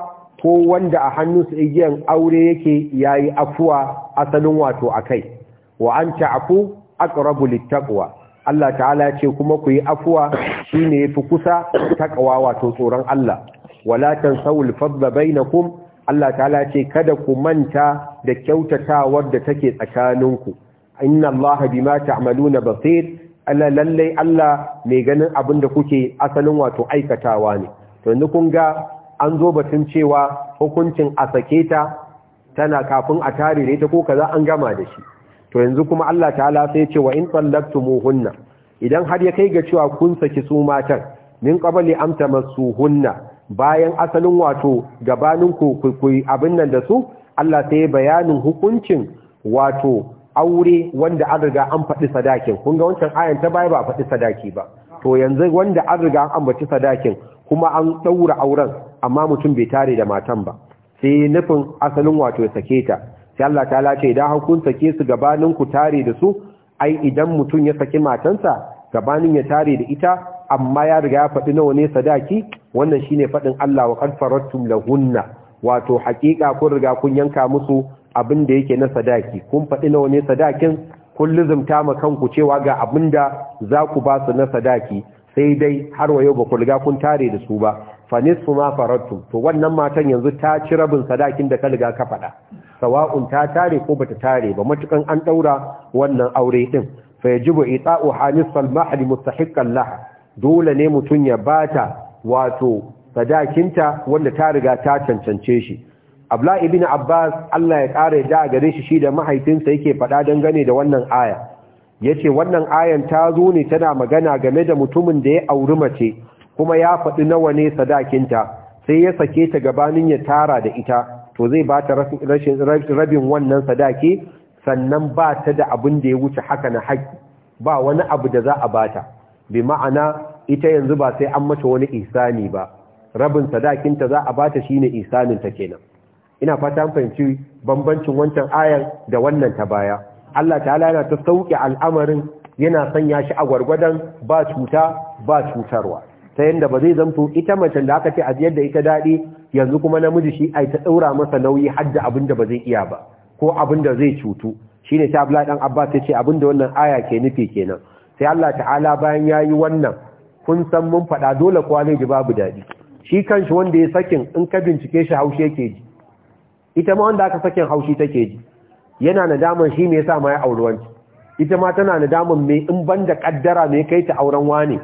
ko wanda a hannunsu igiyan aure yake yayi afuwa asalin wato akai wa an afu aqrabu littaqwa Allah ta'ala ya ce kuma ku yi afuwa shine yafi kusa taqwa wato tsoron Allah wala tansawul fadla bainakum Allah ta'ala ya ce kada ku manta da kyautatawar da take tsakaninku inna Allah bima ta'maluna basir Allah lallai Allah mai ganin abin da kuke asalin wato aikatawa ne to yanzu kun ga an zo batun cewa hukuncin a sake ta tana kafin a tare da ita ko kaza an gama da shi to yanzu kuma Allah ta'ala sai ce wa in hunna, idan har ya kai ga cewa kun saki su matan min qabli masu hunna. bayan asalin wato gabanin ku abin nan da su Allah sai bayanin hukuncin wato aure wanda an riga an faɗi sadakin kun ga wancan ayan ta baya ba faɗi sadaki ba to yanzu wanda an riga an baci sadakin kuma an ɗaura auren amma mutum bai tare da matan ba sai nufin asalin wato ya sake ta sai Allah ta lace idan har kun sake su gabanin ku tare da su ai idan mutum ya saki matansa gabanin ya tare da ita amma ya riga ya faɗi nawa ne sadaki wannan shine faɗin Allah wa qad faratum lahunna wato haƙiƙa kun riga kun yanka musu abin da yake na sadaki kun faɗi nawa ne sadakin kun ta ma kanku cewa ga abin da za ku ba su na sadaki sai dai har wa yau ba ku riga kun tare da su ba Fanis ma to wannan matan yanzu ta ci rabin sadakin da ka riga ka faɗa sawa'un ta tare ko bata tare ba matukan an ɗaura wannan aure din fa yajibu ita'u hanisfal mahli mustahiqqan laha dole ne mutun ya bata wato sadakinta wanda ta riga ta cancance shi abla ibn abbas Allah ya kare da gare shi shi da mahaifinsa yake faɗa dangane da wannan aya yace wannan ayan ta zo ne tana magana game da mutumin da ya auri mace kuma ya faɗi nawa ne sadakinta sai ya sake ta gabanin ya tara da ita to zai ba ta rabin wannan sadaki sannan ba ta da abin da ya wuce haka na haƙƙi ba wani abu da za a bata bi ma'ana ita yanzu ba sai an mata wani isani ba rabin sadakinta za a bata shine isanin ta kenan ina fata fahimci bambancin wancan ayan da wannan ta baya Allah ta'ala yana ta sauke al'amarin yana sanya shi a gwargwadon ba cuta ba cutarwa ta yadda ba zai zamto ita mace da aka ce a da ita daɗi yanzu kuma namiji shi ai ta ɗaura masa nauyi har da abin da ba zai iya ba ko abin da zai cutu Shi ne ta abla dan abbas ya ce abin da wannan aya ke nufi kenan sai Allah ta'ala bayan ya yi wannan kun san mun faɗa dole ji babu daɗi shi kanshi wanda ya sakin in ka bincike shi haushe yake ji ita ma wanda aka sakin haushi take ji yana nadaman shi me yasa ma ya auri wanci ita ma tana nadaman mai in banda kaddara mai kai ta auren wani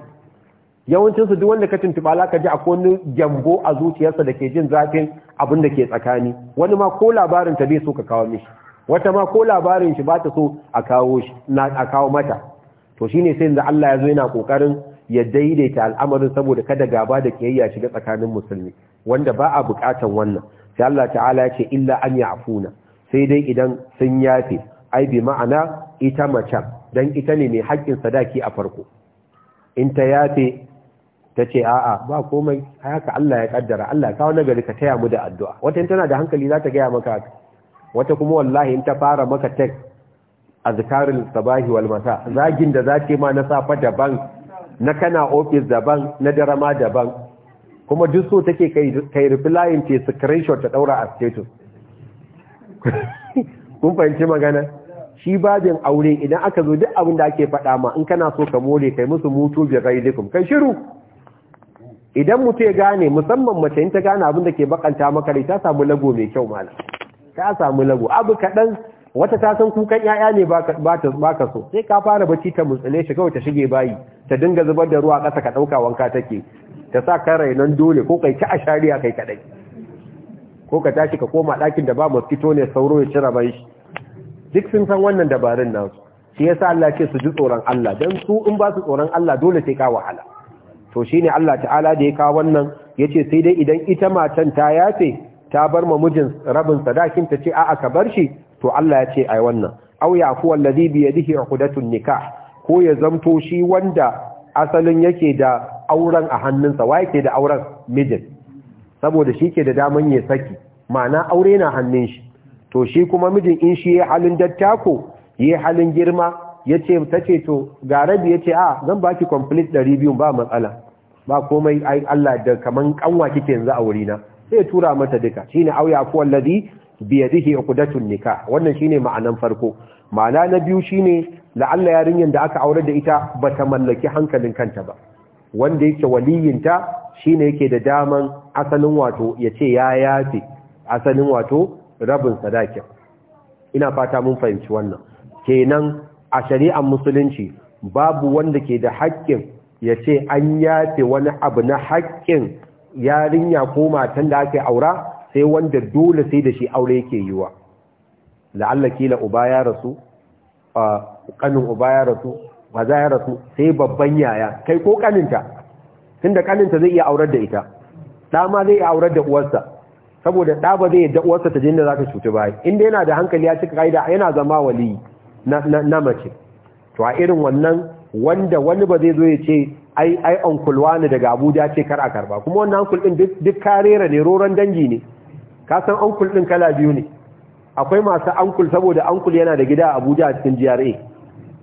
yawancin duk wanda ka tuntuba la ka ji akwai wani gyambo a zuciyarsa da ke jin zafin abin da ke tsakani wani ma ko labarin ta bai so ka kawo mishi wata ma ko labarin shi ba ta so a kawo mata to shine sai da Allah ya zo yana kokarin ya daidaita al'amarin saboda kada gaba da kiyayya shiga tsakanin musulmi wanda ba a bukatan wannan sai Allah ta'ala ya ce illa an afuna, sai dai idan sun yafe ai bi ma'ana ita mace dan ita ne mai haƙƙin sadaki a farko in ta yafe ta ce a'a ba komai haka Allah ya kaddara Allah kawo gari ka taya mu da addu'a wata in tana da hankali za ta gaya maka wata kuma wallahi in ta fara maka tek azkarul sabahi wal masa zagin da za ma na safa daban na kana ofis daban na darama daban kuma duk so take kai replying ce screenshot ta daura a status (laughs) kun fahimci magana shi babin aure idan aka zo duk abin da ake faɗa ma in kana so ka more kai musu mutu bi ghaizikum kai shiru idan mutu ya gane musamman mace in ta gane abin da ke bakanta maka rai ta samu lago mai kyau mala ta samu lago abu kaɗan wata ta san kukan 'ya'ya ne ba ka so sai ka fara bacci ta mutsule shi kawai ta shige bayi ta dinga zubar da ruwa ƙasa ka ɗauka wanka take ta sa ka rainon dole ko kai ci a shari'a kai kadai ko ka tashi ka koma ɗakin da ba mosquito ne sauro ya cira bai shi duk sun san wannan dabarun nasu shi yasa Allah ce su ji tsoron Allah dan su in ba su tsoron Allah dole sai ka wahala to shine Allah ta'ala da ya kawo wannan yace sai dai idan ita matan ta yace ta bar ma mijin rabin sadakin ta ce a'a ka bar shi to Allah ya ce ai wannan aw fu wallazi bi yadihi uqdatun nikah ko ya zamto shi wanda asalin yake da auren a hannunsa wa yake da auren mijin saboda shi ke da daman ya saki ma'ana aure na hannun shi to shi kuma mijin in shi ya halin dattako ya halin girma ya ce ta ce to ga rabi ya ce a ah, zan ba ki complete ɗari biyu ba matsala ba komai ai Allah da kaman kanwa kike yanzu a wuri na. sai ya tura mata duka shine auya ku wallazi biyadihi uqdatun nikah wannan shine ma'anan farko ma'ana na biyu shine la'alla yarinyar da aka aure da ita ba ta mallaki hankalin kanta ba wanda yake waliyinta shine yake da daman asalin wato yace ya yafi asalin wato rabin sadakin ina fata mun fahimci wannan kenan a shari'ar musulunci babu wanda ke da haƙƙin yace an yafe wani abu na haƙƙin yarinya ko matan da aka aura sai wanda dole sai da shi aure yake yiwa la'alla kila uba ya rasu Ƙanin uba ya rasu ba ya rasu sai babban yaya kai ko kaninta tunda kaninta zai iya aurar da ita ɗa ma zai iya aurar da uwarsa saboda ɗa ba zai yadda uwarsa ta jinda za ta cuta ba inda yana da hankali ya cika kaida yana zama wali na mace to a irin wannan wanda wani ba zai zo ya ce ai ai uncle wani daga Abuja ce kar a karba kuma wannan uncle din duk karera ne roron dangi ne ka san uncle kala biyu ne akwai masu ankul saboda ankul yana da gida a abuja cikin GRA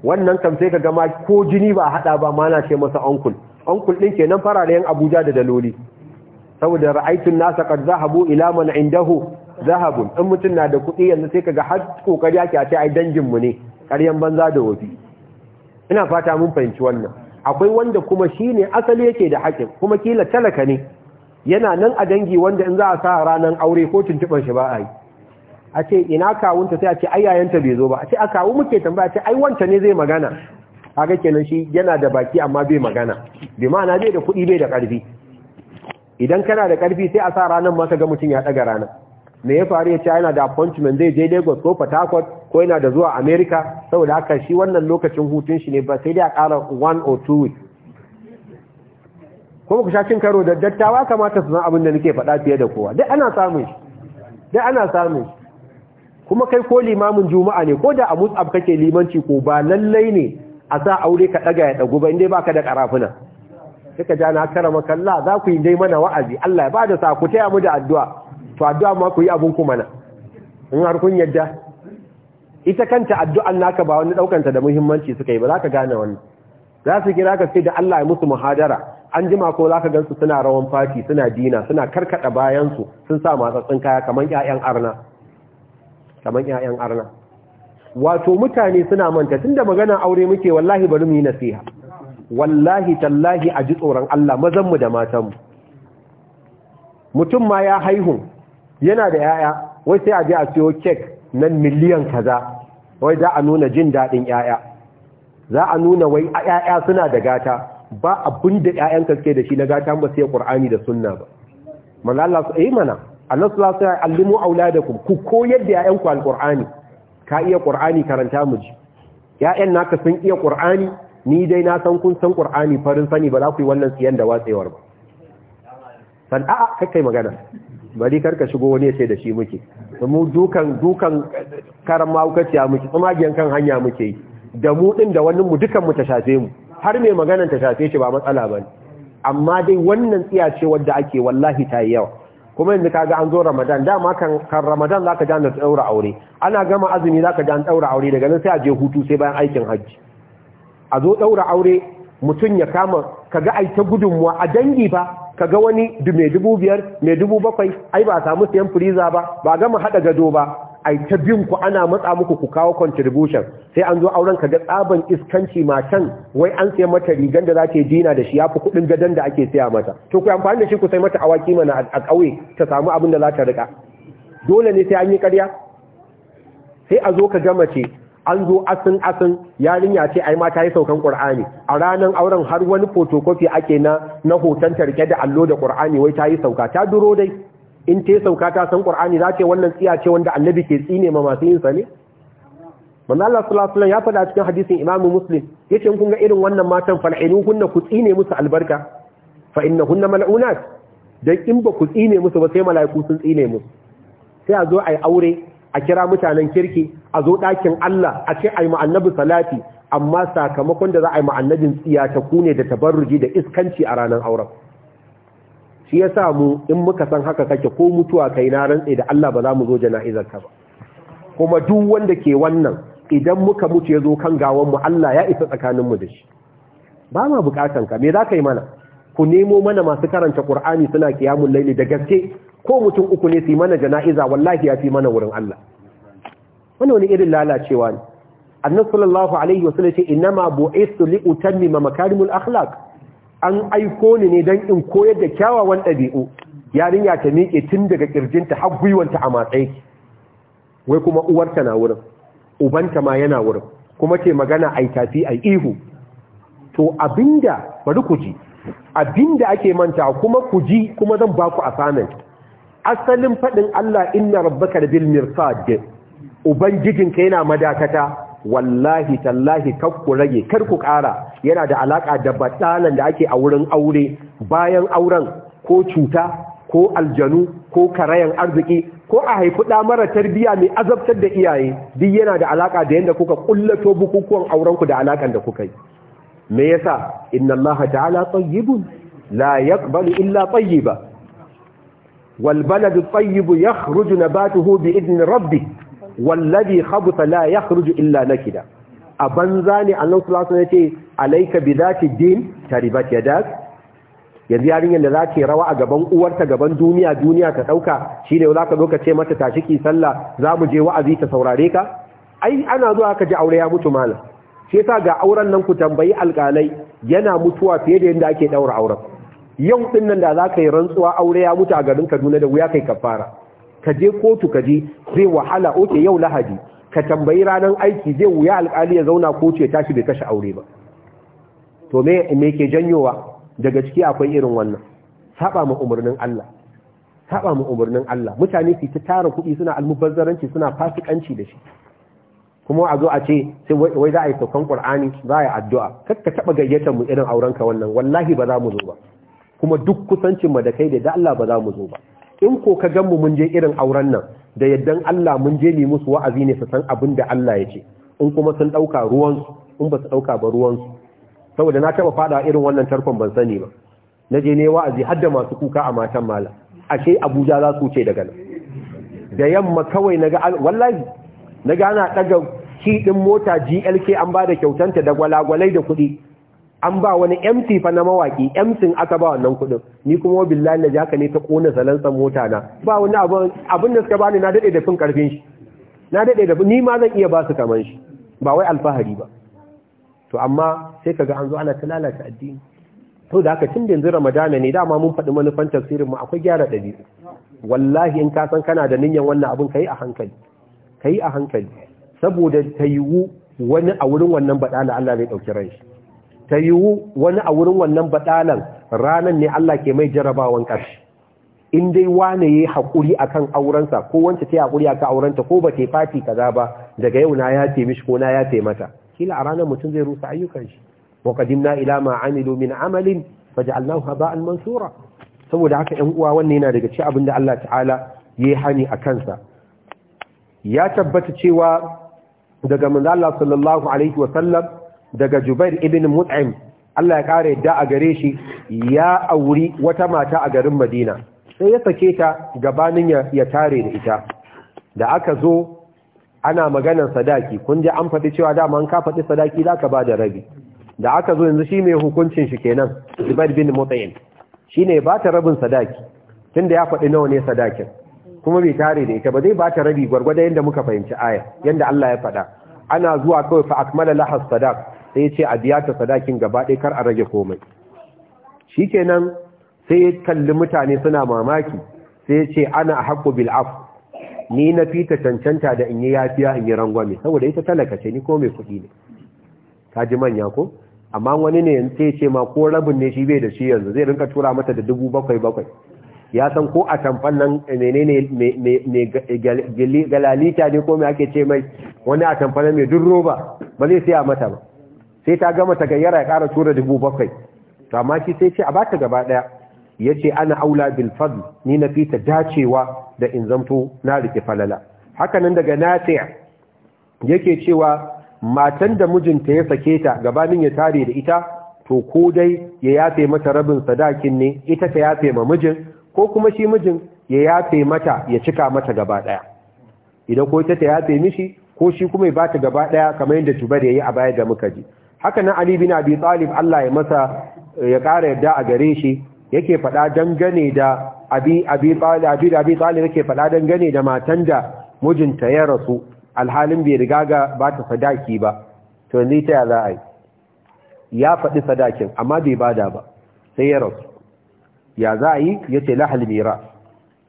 wannan kam sai ka gama ko jini ba hada ba mana ce masa ankul ankul din kenan fararen abuja da daloli saboda ra'aitun nasa kad zahabu ila man indahu zahabun in mutum na da kuɗi yanzu sai ka ga har kokari yake a ce ai dangin mu ne ƙaryan banza da wofi ina fata mun fahimci wannan akwai wanda kuma shine asali yake da haƙin kuma kila talaka ne yana nan a dangi wanda in za a sa ranar aure ko tuntuban shi ba a yi a ce ina kawunta sai a ce ai bai zo ba a ce a kawo muke tambaya ce ai wanta ne zai magana ga kenan shi yana da baki amma bai magana bi ma'ana bai da kuɗi bai da ƙarfi idan kana da ƙarfi sai a sa ranar masa ga mutum ya ɗaga rana me ya faru ya ce yana da appointment zai je Lagos ko Port Harcourt ko yana da zuwa America saboda haka shi wannan lokacin hutun shi ne ba sai dai a ƙara one or two weeks ko ku sha cin karo da dattawa kamata su san abin da nake faɗa fiye da kowa duk ana samun shi duk ana samun shi kuma kai ko limamin juma'a ne ko da a mus'ab kake limanci ko ba lallai ne a sa aure ka daga ya dagu ba ba ka da karafuna kika ja na karama kalla za ku yi dai mana wa'azi Allah ya bada sa ku taya mu da addu'a to addu'a ma ku yi abun ku mana in har kun yadda ita kanta addu'an naka ba wani ɗaukanta da muhimmanci suka yi ba za ka gane wannan za su kira ka sai da Allah ya musu muhadara an jima ko za ka gansu suna rawan fati suna dina suna karkada bayansu sun sa matsatsin kaya kamar 'ya'yan arna kamar ƴaƴan arna wato mutane suna manta tunda magana aure muke wallahi bari mu yi nasiha wallahi tallahi a ji tsoron Allah mazan mu da matanmu. mutum ma ya haihu yana da ƴaƴa wai sai a je a siyo kek nan miliyan kaza wai za a nuna jin daɗin ƴaƴa za a nuna wai ƴaƴa suna da gata ba abin da ƴaƴan kaske da shi na gata ba sai Qur'ani da Sunna ba manzo Allah eh mana Allah sallallahu alaihi wasallam allimu auladakum ku koyar da ƴaƴanku alqur'ani ka iya qur'ani karanta mu ji ƴaƴan naka sun iya qur'ani ni dai na san kun san qur'ani farin sani ba za ku yi wannan siyan da watsewar ba san a'a kai kai magana bari ka shigo wani ya ce da shi muke mu dukan dukan karan mahaukaciya muke giyan kan hanya muke yi da mu din da wannan mu dukan mu ta shafe mu har mai maganan ta shafe shi ba matsala bane amma dai wannan tsiya ce wadda ake wallahi ta yi yawa kuma inda kaga an zo ramadan dama kan kan ramadan zaka ji an daura aure ana gama azumi zaka ji an daura aure daga nan sai a je hutu sai bayan aikin hajji a zo daura aure mutum ya kama kaga ai ta gudunmuwa a dangi ba kaga wani mai dubu biyar mai dubu bakwai ai ba a samu siyan firiza ba ba gama hada gado ba ai ta bin ku ana matsa muku ku kawo contribution sai an zo auren kaga tsaban iskanci matan wai an sai mata rigan da zake dina da shi yafi kudin gadan da ake saya mata to ku amfani da shi ku sai mata awaki mana a kauye ta samu abin da za ta rika dole ne sai an yi ƙarya sai a zo ka ga mace an zo asin asin yarinya ce ai mata yi saukan qur'ani a ranar auren har wani photocopy ake na na hoton ta rike da allo da qur'ani wai ta yi sauka ta duro dai in ta sauka ta san ƙur'ani za ce wannan tsiya ce wanda annabi ke tsine ma masu yin sa ne manzo Allah sallallahu alaihi ya faɗa cikin hadisin Imam Muslim yace kun ga irin wannan matan fal'inuhunna ku tsine musu albarka fa innahunna mal'unat dan in ba ku tsine musu ba sai mala'iku sun tsine musu sai a zo a yi aure a kira mutanen kirki a zo ɗakin Allah a ce ai mu annabi salati amma sakamakon da za a yi ma annabin tsiya ta kune da tabarruji da iskanci a ranar auren shi ya sa mu in muka san haka kake ko mutuwa kai na rantse da Allah ba za mu zo jana'izar ka ba kuma duk wanda ke wannan idan muka mutu ya zo kan gawan mu Allah ya isa tsakanin mu da shi ba ma bukatan ka me za ka yi mana ku nemo mana masu karanta Qur'ani suna kiyamun laili da gaske ko mutum uku ne su mana jana'iza wallahi ya fi mana wurin Allah wannan wani irin lalacewa ne annabi sallallahu alaihi wasallam ce inna ma bu'istu li utammima makarimul akhlaq an aiko ni ne don in koyar da kyawawan ɗabi'u yarinya ta miƙe tun daga ƙirjinta har gwiwanta a matsayi wai kuma uwarta na wurin ubanta ma yana wurin kuma ce magana a tafi ihu to abinda bari ku ji abinda ake manta kuma ku ji kuma zan ba ku assignment asalin faɗin Allah inna rabbaka bil mirsad ubangijinka yana madakata wallahi tallahi kar ku rage kar ku ƙara yana da alaƙa da batalan da ake a wurin aure bayan auren ko cuta ko aljanu ko karayan arziki ko a haifi ɗa mara tarbiyya mai azabtar da iyaye duk yana da alaƙa da yadda kuka ƙullato bukukuwan ku da alaƙan da kuka yi me yasa inna allaha ta'ala tayyibun la yaqbalu illa tayyiba wal baladu tayyibu yakhruju nabatuhu bi idni rabbih wallazi khabutha la yakhruju illa nakida a banza ne Allah sallallahu alaihi wasallam yace alayka bi din taribat yadak yanzu yarinyar da za ta rawa a gaban uwarta gaban duniya duniya ta dauka shine za ka zo ka ce mata tashi ki sallah za mu je wa'azi ta saurare ka ai ana zuwa ka ji aure ya mutu malam shi yasa ga auren nan ku tambayi alƙalai yana mutuwa fiye da yadda ake daura auren yau din nan da za ka yi rantsuwa aure ya mutu a garin Kaduna da wuya kai kafara ka je kotu ka je zai wahala oke yau lahadi ka tambayi ranar aiki zai wuya alkali ya zauna kotu ya tashi bai kashe aure ba to me ke janyowa daga ciki akwai irin wannan saba ma umarnin Allah saba mu umarnin Allah mutane su ta tara kuɗi suna almubazzaranci suna fasikanci da shi kuma a zo a ce sai wai za a yi saukan Qur'ani za a yi addu'a kar ka taba gayyatar mu irin auren ka wannan wallahi ba za mu zo ba kuma duk kusancin mu da kai da Allah ba za mu zo ba in ko ka gan mu mun je irin auren nan da yaddan Allah mun je ne musu wa'azi ne su san abin da Allah ya ce in kuma sun ɗauka ruwansu in ba su ɗauka ba ruwansu saboda na taɓa faɗa irin wannan tarkon ban sani ba na je ne wa'azi har da masu kuka a matan malam ashe Abuja za su ce daga nan da yamma kawai naga wallahi naga ana ɗaga ki mota GLK an bada kyautanta da gwalagwalai da kuɗi an ba wani MC fa na mawaki MC aka ba wannan kudin ni kuma billahi na jaka ne ta kona salansan mota na ba wani abun da suka bani na dade da fin karfin shi na dade da ni ma zan iya ba su kaman shi ba wai alfahari ba to amma sai kaga an zo ana ta lalata addini to da haka tun da yanzu Ramadana ne dama mun faɗi manufan tafsirin mu akwai gyara dabi wallahi in ka san kana da niyyar wannan abun kai a hankali kai a hankali saboda ta yiwu wani a wurin wannan bada Allah zai dauki ran shi ta wani a wurin wannan baɗalan ranan ne Allah ke mai jarabawan ƙarshe in dai wane yayi hakuri akan aurensa ko wance ta hakuri akan aurenta ko ba ta fati kaza ba daga yau na ya ce ko na ya ce mata kila a ranar mutum zai rusa ayyukan shi wa qadimna ila ma amilu min amalin faj'alnahu haba'an mansura saboda haka 'yan uwa wannan yana daga cikin abin da Allah ta'ala yayi hani a kansa ya tabbata cewa daga manzo Allah sallallahu alaihi wa sallam daga Jubair ibn Mut'im Allah ya kare yadda a gare shi ya auri wata mata a garin Madina sai ya sake ta gabanin ya tare da ita da aka zo ana maganar sadaki kun ji an faɗi cewa dama an ka faɗi sadaki za ka ba da rabi da aka zo yanzu shi mai hukuncin shi kenan Zubair bin Mut'im shine ba ta rabin sadaki tunda ya faɗi nawa ne sadakin kuma bai tare da ita ba zai bata ta rabi gwargwada yadda muka fahimci aya yadda Allah ya faɗa ana zuwa kawai fa akmala lahas sadaq sai ya ce a biya ta sadakin gaba ɗaya kar a rage komai shi kenan sai ya kalli mutane suna mamaki sai ya ce ana a haƙo bil'af ni na fi ta cancanta da in yi yafiya in yi rangwame saboda ita talaka ce ni ko mai kuɗi ne ka ji manya ko amma wani ne sai ya ce ma ko rabin ne shi bai da shi yanzu zai rinka tura mata da dubu bakwai bakwai ya san ko a tamfan nan menene galalita ne ko mai ake ce mai wani a tamfan mai duk roba ba zai siya mata ba sai ta gama ta gayyara ya ƙara tura dubu bakwai to amma shi sai ce a ba ta gaba ɗaya ya ce ana aula bil fadl ni na fita dacewa da in zanto na rike falala hakanan daga nasiya yake cewa matan da mijinta ya sake ta gabanin ya tare da ita to ko dai ya yafe mata rabin sadakin ne ita ta yafe ma mijin ko kuma shi mijin ya yafe mata ya cika mata gaba ɗaya idan ko ita ta yafe mishi ko shi kuma ya bata gaba ɗaya kamar yadda ya yi a baya da muka ji haka nan Ali bin Abi Talib Allah ya masa ya ƙara yadda a gare shi yake faɗa dangane da Abi Abi Talib da Abi Talib yake faɗa dangane da matan da mijinta ya rasu alhalin bai riga ga ba ta sadaki ba to ni ta ya za a yi ya faɗi sadakin amma bai bada ba sai ya rasu ya za a yi ya ce lahal mira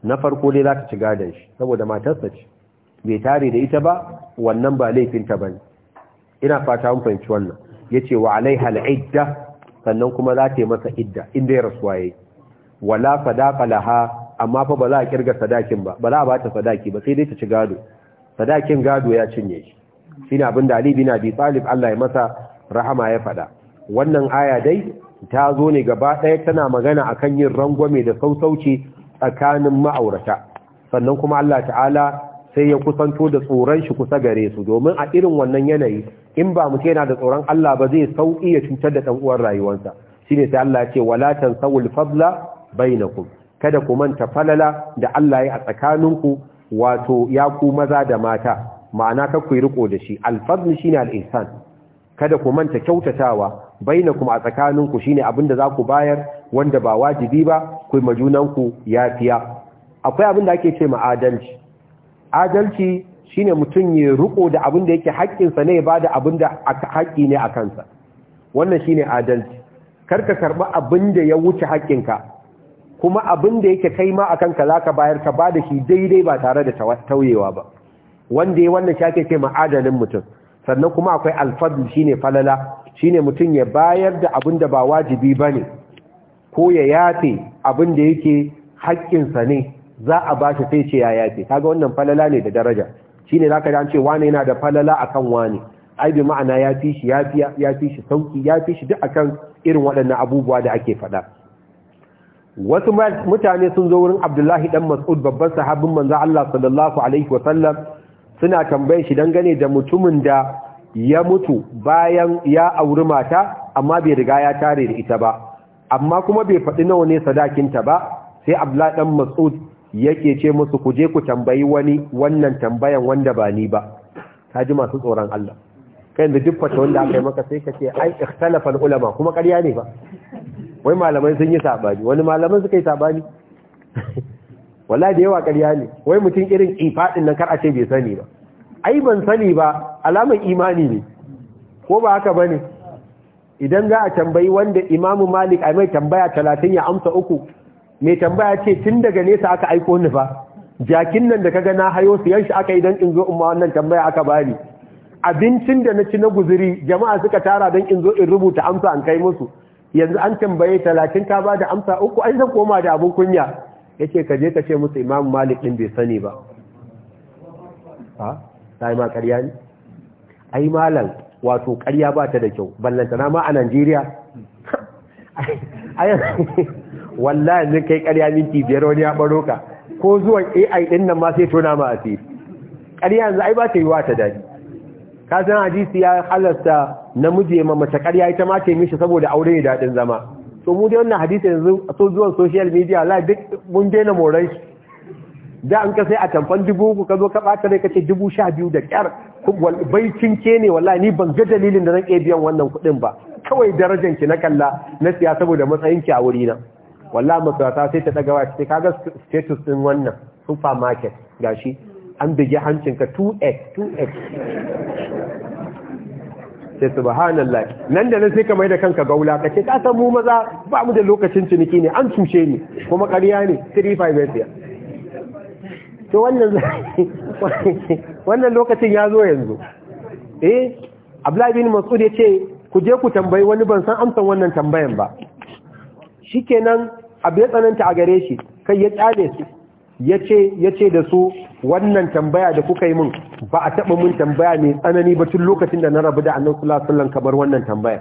na farko dai za ta ci gadon shi saboda matarsa ce bai tare da ita ba wannan ba laifinta ba ne ina fata mun fahimci wannan Ya ce wa alai hal’idda sannan kuma za ta yi masa idda inda ya rasuwa yayi wala sadaqa laha amma fa ba za a kirga sadakin ba ba za a bata sadaki ba sai dai ta ci gado sadakin gado ya cinye shi shine abin da alibi na bi Talib Allah ya masa rahama ya faɗa wannan aya dai ta zo ne gaba ɗaya tana magana akan yin rangwame da sausauci tsakanin ma'aurata sannan kuma Allah ta'ala sai ya kusanto da tsoron shi kusa gare su domin a irin wannan yanayi in ba mutum yana da tsoron Allah ba zai sauki ya cutar da ɗan uwar rayuwarsa ne sai Allah ya ce wala sawul fadla bainakum kada ku manta falala da Allah ya a tsakaninku wato ya ku maza da mata ma'ana ka ku riko da shi alfadl shine al-ihsan kada ku manta kyautatawa bainakum a tsakaninku shine abin da za ku bayar wanda ba wajibi ba ku majunanku yafiya akwai abin da ake ce ma adalci adalci shine mutum ya ruko da abin da yake haƙƙinsa ne ba da abin da haƙƙi ne a kansa wannan shine adalci karka karɓi abin da ya wuce haƙƙinka kuma abin da yake kai ma akan ka bayar ka ba da shi daidai ba tare da tauyewa ba wanda ya wannan shi ake ce ma'adanin mutum sannan kuma akwai alfadl shine falala shine mutum ya bayar da abin da ba wajibi bane ko ya yafe abin da yake haƙƙinsa ne za a bashi sai ce ya yafe kaga wannan falala ne da daraja shine zaka ji an ce wani yana da falala akan wane ai bi ma'ana ya fi shi ya fi shi sauki ya fi shi duk akan irin waɗannan abubuwa da ake faɗa wasu mutane sun zo wurin Abdullahi dan Mas'ud babban sahabin manzo Allah sallallahu alaihi wa sallam suna tambaye shi dangane da mutumin da ya mutu bayan ya auri mata amma bai riga ya tare da ita ba amma kuma bai faɗi nawa ne sadakinta ba sai Abdullahi dan Mas'ud yake ce musu ku je ku tambayi wani wannan tambayan wanda ba ni ba ji masu tsoron Allah kai da duk fata wanda aka yi maka sai ka ce ai ikhtalafal ulama kuma ƙarya ne ba wai malamai sun yi sabani wani malaman suka yi sabani (laughs) wala da yawa ƙarya ne wai mutum irin ifadin nan kar a ce bai sani ba ai ban sani ba alamar imani ne ko ba haka bane idan za a tambayi wanda imamu malik a mai tambaya talatin ya amsa uku mai tambaya ce tun daga nesa aka aiko ni fa jakin nan da ka na hayo siyan shi aka idan in zo in ma wannan tambaya aka bani abincin da na ci na guzuri jama'a suka tara don in zo in rubuta amsa an kai musu yanzu an tambaye talatin ka ba da amsa uku an zan koma da abin kunya yace ka je ka ce musu imam malik din bai sani ba ha sai ma ƙarya ne ai malam wato ƙarya ba ta da kyau ballantana ma a Najeriya (laughs) wallahi zai kai ƙarya minti biyar wani ya baro ka ko zuwan AI din nan ma sai tona ma asiri ƙarya yanzu ai ba ta yiwa ta dadi ka san hadisi ya halasta namiji ma mace ƙarya ita ma ce mishi saboda aure ne daɗin zama to mu dai wannan hadisi yanzu so zuwan social media la duk mun daina moran da an ka sai a tamfan dubu uku ka zo ka ɓata rai ka ce dubu sha biyu da ƙyar bai cinke ne wallahi ni ban ga dalilin da zan iya biyan wannan kuɗin ba kawai darajanki na kalla na siya saboda matsayinki a wuri na wallah masaurata sai ta daga wa sai kaga status din wannan supermarket gashi an bige hancinka 2x 2x sai subhanallah nan da nan sai ka mai da kanka gaula kace ka san mu maza ba mu da lokacin ciniki ne an cuce ni kuma ƙarya ne 35 to wannan (laughs) wannan lokacin ya zo yanzu eh Abdullahi bin Mas'ud yace ku je ku tambayi wani ban san amsan wannan tambayan ba shikenan abu ya tsananta a gare shi kai ya kyale su ya ce da su wannan tambaya da kuka yi min ba a taɓa mun tambaya mai tsanani ba tun lokacin da na rabu da annan sulasullan kamar wannan tambaya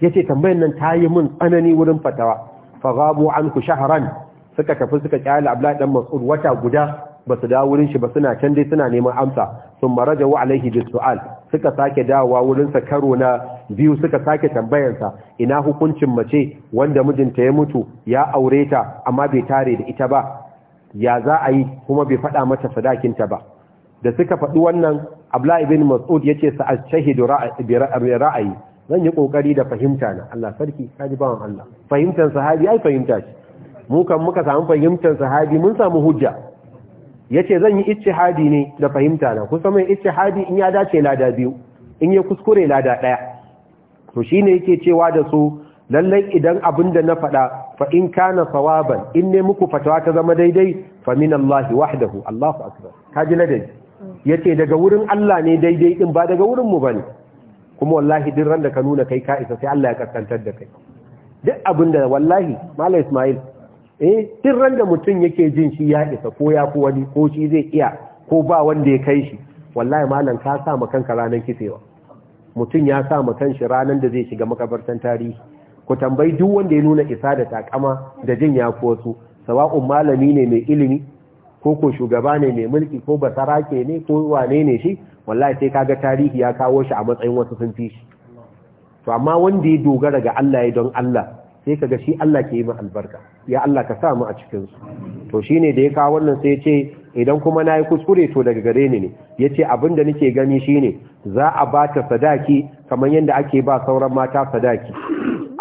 ya ce tambayan nan ta yi mun tsanani wurin fatawa fagabo an ku shaharan suka tafi suka kyale abdullahi dan mas'ud wata guda ba su dawo wurin shi ba suna can dai suna neman amsa sun maraja wa alaihi bis su'al suka sake dawowa wurinsa karo na biyu suka sake tambayarsa ina hukuncin mace wanda mijinta ya mutu ya aure ta amma bai tare da ita ba ya za a yi kuma bai faɗa mata sadakinta ba da suka faɗi wannan abla ibn mas'ud yace sa ashhadu ra'ayi zan yi kokari da fahimta na Allah sarki kaji bawan Allah fahimtar sahabi ai fahimta shi mu kan muka samu fahimtar sahabi mun samu hujja ya ce zan yi ijtihadi ne da fahimta na kusa mai ijtihadi in ya dace lada biyu in ya kuskure lada ɗaya to shine yake cewa da su lallai idan abin da na faɗa fa in kana sawaban in ne muku fatawa ta zama daidai fa min Allah wahdahu Allahu akbar kaji ladabi yace daga wurin Allah ne daidai din ba daga wurin mu bane kuma wallahi din ran da ka nuna kai ka isa sai Allah ya kaskantar da kai duk abin da wallahi Malam Ismail eh ran randa mutum yake jin shi ya isa ko ya fi wani ko shi zai iya ko ba wanda ya kai shi wallahi malam ka sa ma kanka ranar kitsewa mutum ya sa ma kanshi ranar da zai shiga makabartan tarihi ku tambayi duk wanda ya nuna isa da takama da jin ya fi wasu sawa'un malami ne mai ilimi ko ko shugaba ne mai mulki ko basarake ne ko wane ne shi wallahi sai kaga tarihi ya kawo shi a matsayin wasu sun fi shi to amma wanda ya dogara ga Allah ya don Allah sai ka ga shi Allah ke yi mu albarka ya Allah ka sa mu a cikin su to shine da ya kawo wannan sai ya ce idan kuma nayi kuskure to daga gare ni ne yace da nake gani shine za a ta sadaki kamar yadda ake ba sauran mata sadaki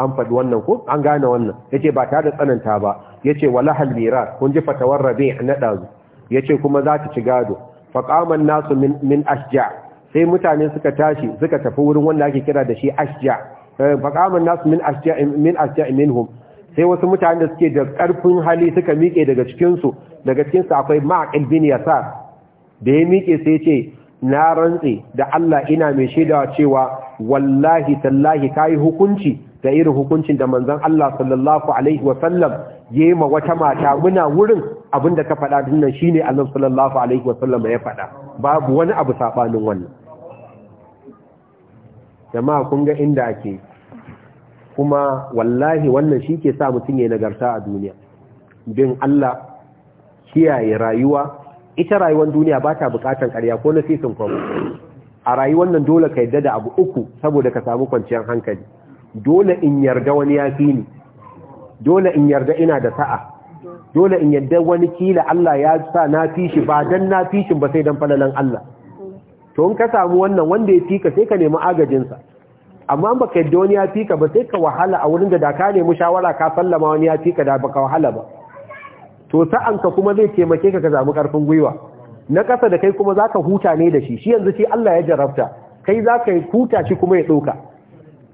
an faɗi wannan ko an gane wannan yace ba ta da tsananta ba yace wala hal miras kun ji fatawar rabi' na dazu yace kuma za ta ci gado qaman nasu min min ashja sai mutane suka tashi suka tafi wurin wanda ake kira da shi ashja Eh, faqaman nas min ashya'i min ashya'i minhum sai wasu mutane da suke da karfin hali suka miƙe daga cikinsu, daga cikin su akwai ma'aqil bin yasar da ya miƙe sai ce na rantse da Allah ina mai shaidawa cewa wallahi tallahi kai hukunci da irin hukuncin da manzon Allah sallallahu alaihi wa sallam yi ma wata mata muna wurin abinda ka faɗa dinnan shine Allah sallallahu alaihi wa ya faɗa babu wani abu sabanin wannan jama'a kun ga inda ake kuma wallahi wannan shi ke sa mutum ya nagarta a duniya bin Allah kiyaye rayuwa ita rayuwar duniya ba ta bukatan ƙarya ko na sisin a rayuwar nan dole ka yadda da abu uku saboda ka samu kwanciyar hankali dole in yarda wani ya fi ni dole in yarda ina da sa'a dole in yarda wani kila Allah ya sa na fi shi ba dan na fi shi ba sai dan falalan Allah to in ka samu wannan wanda ya fi ka sai ka nemi agajinsa amma baka yadda wani ya fi ka ba sai ka wahala a wurin da da ka nemi shawara ka sallama wani ya fi ka da baka wahala ba to ka kuma zai taimake ka ka samu karfin gwiwa na ƙasa da kai kuma zaka huta ne da shi shi yanzu shi Allah ya jarabta kai zaka huta shi kuma ya dauka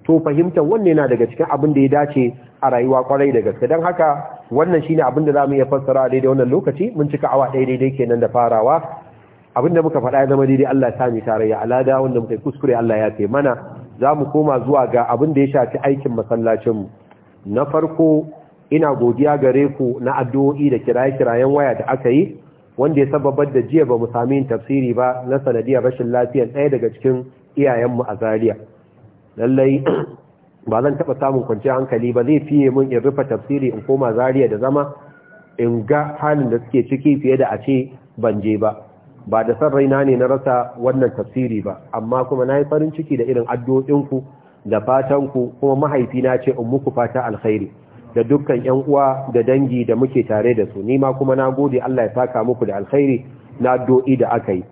to fahimta wanne na daga cikin abin da ya dace a rayuwa kwarai da gaske don haka wannan shine abin da zamu iya fassara a daidai wannan lokaci mun cika awa ɗaya daidai kenan da farawa abin da muka faɗa ya zama daidai Allah ya sami tarayya alada wanda muka kuskure Allah ya fi mana za mu koma zuwa ga abin da ya shafi aikin masallacinmu na farko ina godiya gare ku na addu'o'i da kiraye-kirayen waya da aka yi wanda ya sababar da jiya ba mu sami yin tafsiri ba na sanadiyar rashin lafiyar ɗaya daga cikin iyayenmu a Zariya. lallai (clears throat) ba zan taɓa samun kwanciyar hankali ba zai fiye mun in rufe tafsiri in koma Zariya da zama in ga halin da suke ciki fiye da a ce ban je ba ba da san raina ne na rasa wannan tafsiri ba amma kuma na yi farin ciki da irin addu'o'inku da fatanku kuma mahaifina ce in muku fata alkhairi da dukkan ‘yan uwa da dangi da muke tare da su nima kuma na gode Allah ya saka muku da alkhairi na addu'o'i da aka yi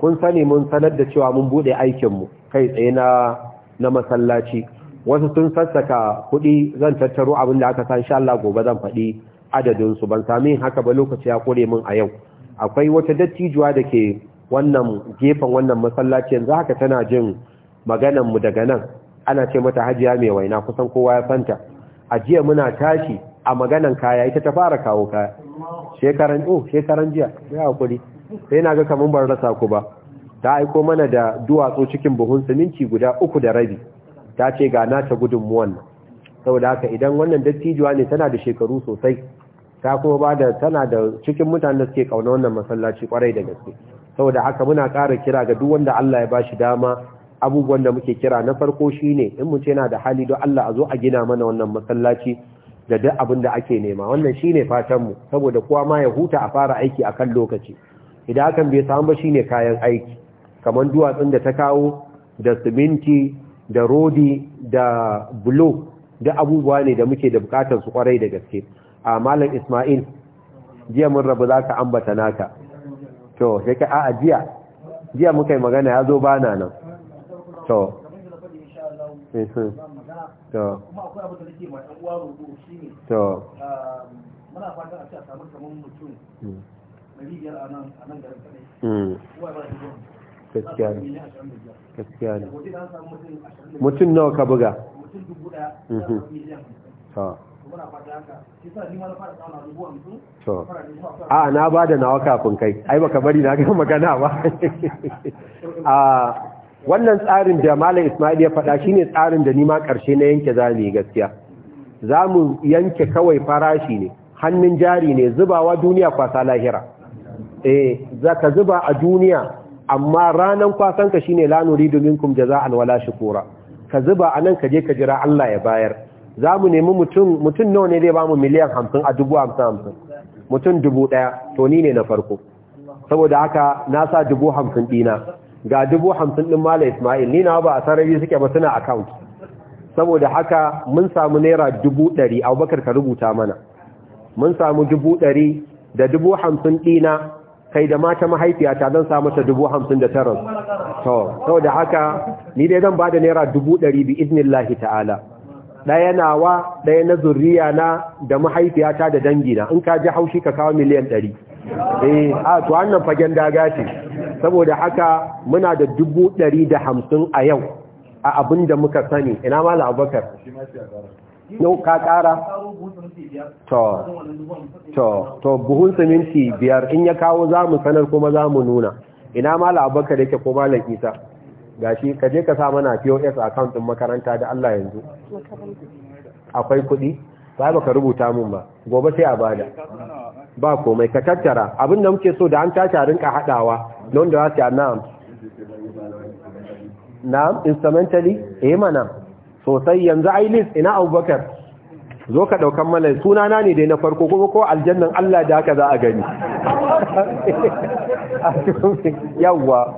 kun sani mun sanar da cewa mun buɗe mu kai tsaye na na masallaci wasu sun sassaka kuɗi zan tattaro abin da aka san insha Allah gobe zan faɗi su ban sami haka ba lokaci ya kore min a yau akwai wata dattijuwa da ke wannan gefen wannan masallaci za haka tana jin maganan daga nan ana ce mata hajiya mai waina kusan kowa ya fanta a jiya muna tashi a maganan kaya ita ta fara kawo kaya shekaran oh shekaran jiya ya hakuri sai na ga kamun ban rasa ku ba ta aiko mana da duwatsu cikin buhun siminci guda uku da rabi ta ce ga nata ta gudunmuwan saboda haka idan wannan dattijuwa ne tana da shekaru sosai ta kuma ba da tana da cikin mutanen da suke kauna wannan masallaci kwarai da gaske saboda haka muna ƙara kira ga duk wanda Allah ya bashi dama abubuwan da muke kira na farko shine in mu ce yana da hali don Allah a zo a gina mana wannan masallaci da duk abin da ake nema wannan shine fatan mu saboda kowa ma ya huta a fara aiki akan lokaci idan hakan bai samu ba shine kayan aiki kamar duwatsun da ta kawo da siminti da rodi da bulo da abubuwa ne da muke da bukatar su kwarai da gaske a malam ismail jiya mun rabu za ka ambata naka to sai ka a jiya jiya muka yi magana ya zo bana nan to to mutum nawa ka buga mm-hmm. a na ba da nawa kafin kai ai baka bari na ga magana ba (laughs) a wannan tsarin da malam Ismail ya faɗa shine tsarin da nima karshe na yanke zamu gaskiya zamu yanke kawai farashi ne hannun jari ne zubawa duniya kwasa lahira eh zaka zuba a duniya amma ranan kwasan ka shine la nuridu minkum jaza'an wala shukura ka zuba anan ka je ka jira Allah ya bayar za mu nemi mutum mutum nawa ne zai ba mu miliyan hamsin a dubu hamsin hamsin mutum dubu ɗaya to ni ne na farko saboda haka na sa dubu hamsin ɗina ga dubu hamsin ɗin mala ismail ni na ba a sarari suke ba suna account saboda haka mun samu naira dubu ɗari abubakar ka rubuta mana mun samu dubu ɗari da dubu hamsin ɗina kai da mata mahaifiyata don samu ta dubu hamsin da taron to saboda haka ni dai zan ba da naira dubu ɗari bi idnillahi ta'ala ɗaya nawa ɗaya na zurriya na da mahaifiyata da dangi na, in ka ji haushi ka kawo miliyan ɗari eh a to wannan fagen daga ce saboda haka muna da dubu ɗari da hamsin a yau a abin da muka sani ina mala abubakar no ka ƙara to to to buhun siminti biyar in ya kawo za mu sanar kuma za mu nuna ina mala abubakar yake ko malam isa gashi ka je ka sa mana POS account din makaranta da Allah yanzu akwai kuɗi sai baka rubuta mun ba gobe sai a bada ba komai ka tattara abin da muke so da an tashi a rinka hadawa don da wasu na'am na'am instrumentally eh mana sosai yanzu ai list ina Abubakar zo ka daukan mana na ne dai na farko kuma ko aljannan Allah da haka za a gani (laughs) yawwa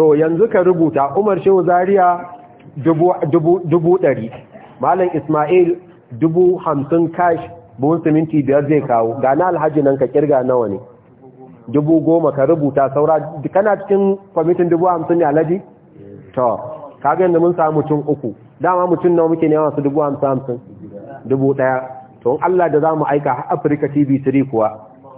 to yanzu ka rubuta umar shehu zaria dubu ɗari malam ismail dubu hamsin kash buhun siminti biyar zai kawo gana alhaji nan ka kirga nawa ne dubu goma ka rubuta saura kana cikin kwamitin dubu hamsin ne alhaji to kaga yadda mun samu mutum uku dama mutum nawa muke neman su dubu hamsin hamsin dubu ɗaya to allah da za mu aika afirka tv 3 kuwa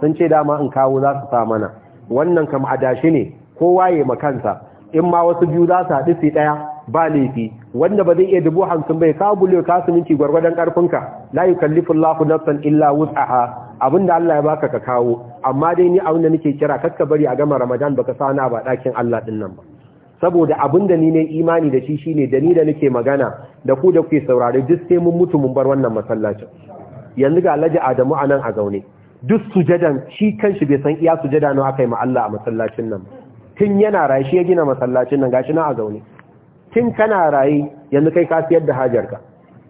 sun ce dama in kawo za su sa mana wannan kam adashi ne kowa ya makansa in ma wasu biyu za su haɗu su ɗaya ba laifi wanda ba zai iya dubu hamsin bai ka bulo ka siminci gwargwadon ƙarfinka la kallifin, Allahu nafsan illa abin da Allah ya baka ka kawo amma dai ni da nake kira kakka bari a gama Ramadan baka na ba ɗakin Allah ɗin nan ba saboda da ni ne imani da shi shine da ni da nake magana da ku da kuke saurare duk sai mun mutu mun bar wannan masallacin yanzu ga Alhaji Adamu anan a zaune duk sujadan shi kanshi bai san iya sujada nawa akai ma Allah a masallacin nan ba tun yana raye shi ya gina masallacin nan gashi na a zaune tun kana raye yanzu kai ka siyar da hajar ka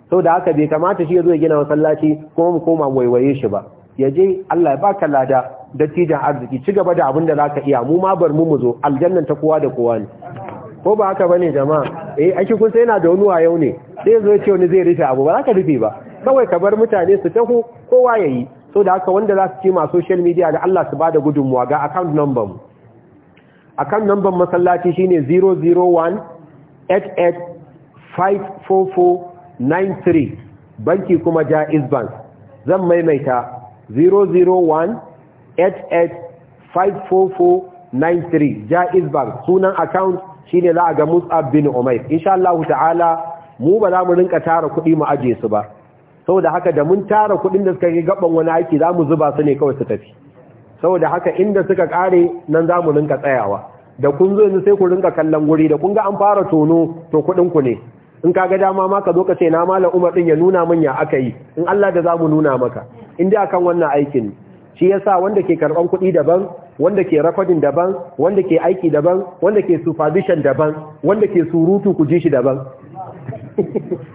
sau da haka bai kamata shi ya zo ya gina masallaci kuma mu koma waiwaye shi ba ya je Allah ya baka lada dattijan arziki ci gaba da abin da za ka iya mu ma bar mu mu zo aljannan ta kowa da kowa ne ko ba haka bane jama'a eh ake kun sai yana da wani yau ne sai zo ce wani zai rufe abu ba za ka rufe ba kawai ka bar mutane su taho kowa ya yi sau da haka wanda za su ce ma social media da Allah su ba da gudunmuwa ga account number mu a kan lambar masallaci shine 001 88 banki kuma ja bank zan maimaita 001 88 jaiz bank sunan account shine za a ga mus'ab bin in insha Allah ta'ala mu ba za mu rinka tara kudi mu aje su ba saboda haka da mun tara kudin da suka yi gaban wani aiki za mu zuba su ne kawai su tafi saboda haka inda suka kare nan za mu rinka tsayawa da kun zo yanzu sai ku rinka kallon guri da kun ga an fara tono to kuɗin ku ne in ka ga dama ma ka zo ka ce na malam Umar din ya nuna min ya aka yi in Allah da zamu nuna maka in dai akan wannan aikin shi yasa wanda ke karban kuɗi daban wanda ke recording daban wanda ke aiki daban wanda ke supervision daban wanda ke surutu ku ji shi daban (laughs)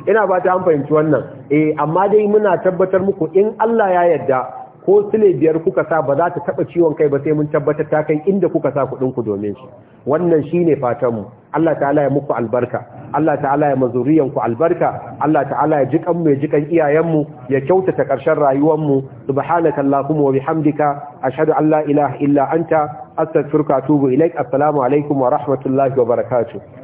ina ba ta an fahimci wannan eh amma dai muna tabbatar muku in Allah ya yarda ko sile biyar kuka sa ba za ta taba ciwon kai ba sai mun tabbatar ta kai inda kuka sa kuɗin ku domin shi wannan shine fatan mu Allah ta'ala ya muku albarka Allah ta'ala ya mazuriyan ku albarka Allah ta'ala ya jikan mu ya jikan iyayen mu ya kyautata ƙarshen rayuwar mu subhanaka allahumma wa bihamdika ashhadu an la ilaha illa anta astaghfiruka wa atubu ilaik assalamu alaikum wa rahmatullahi wa barakatuh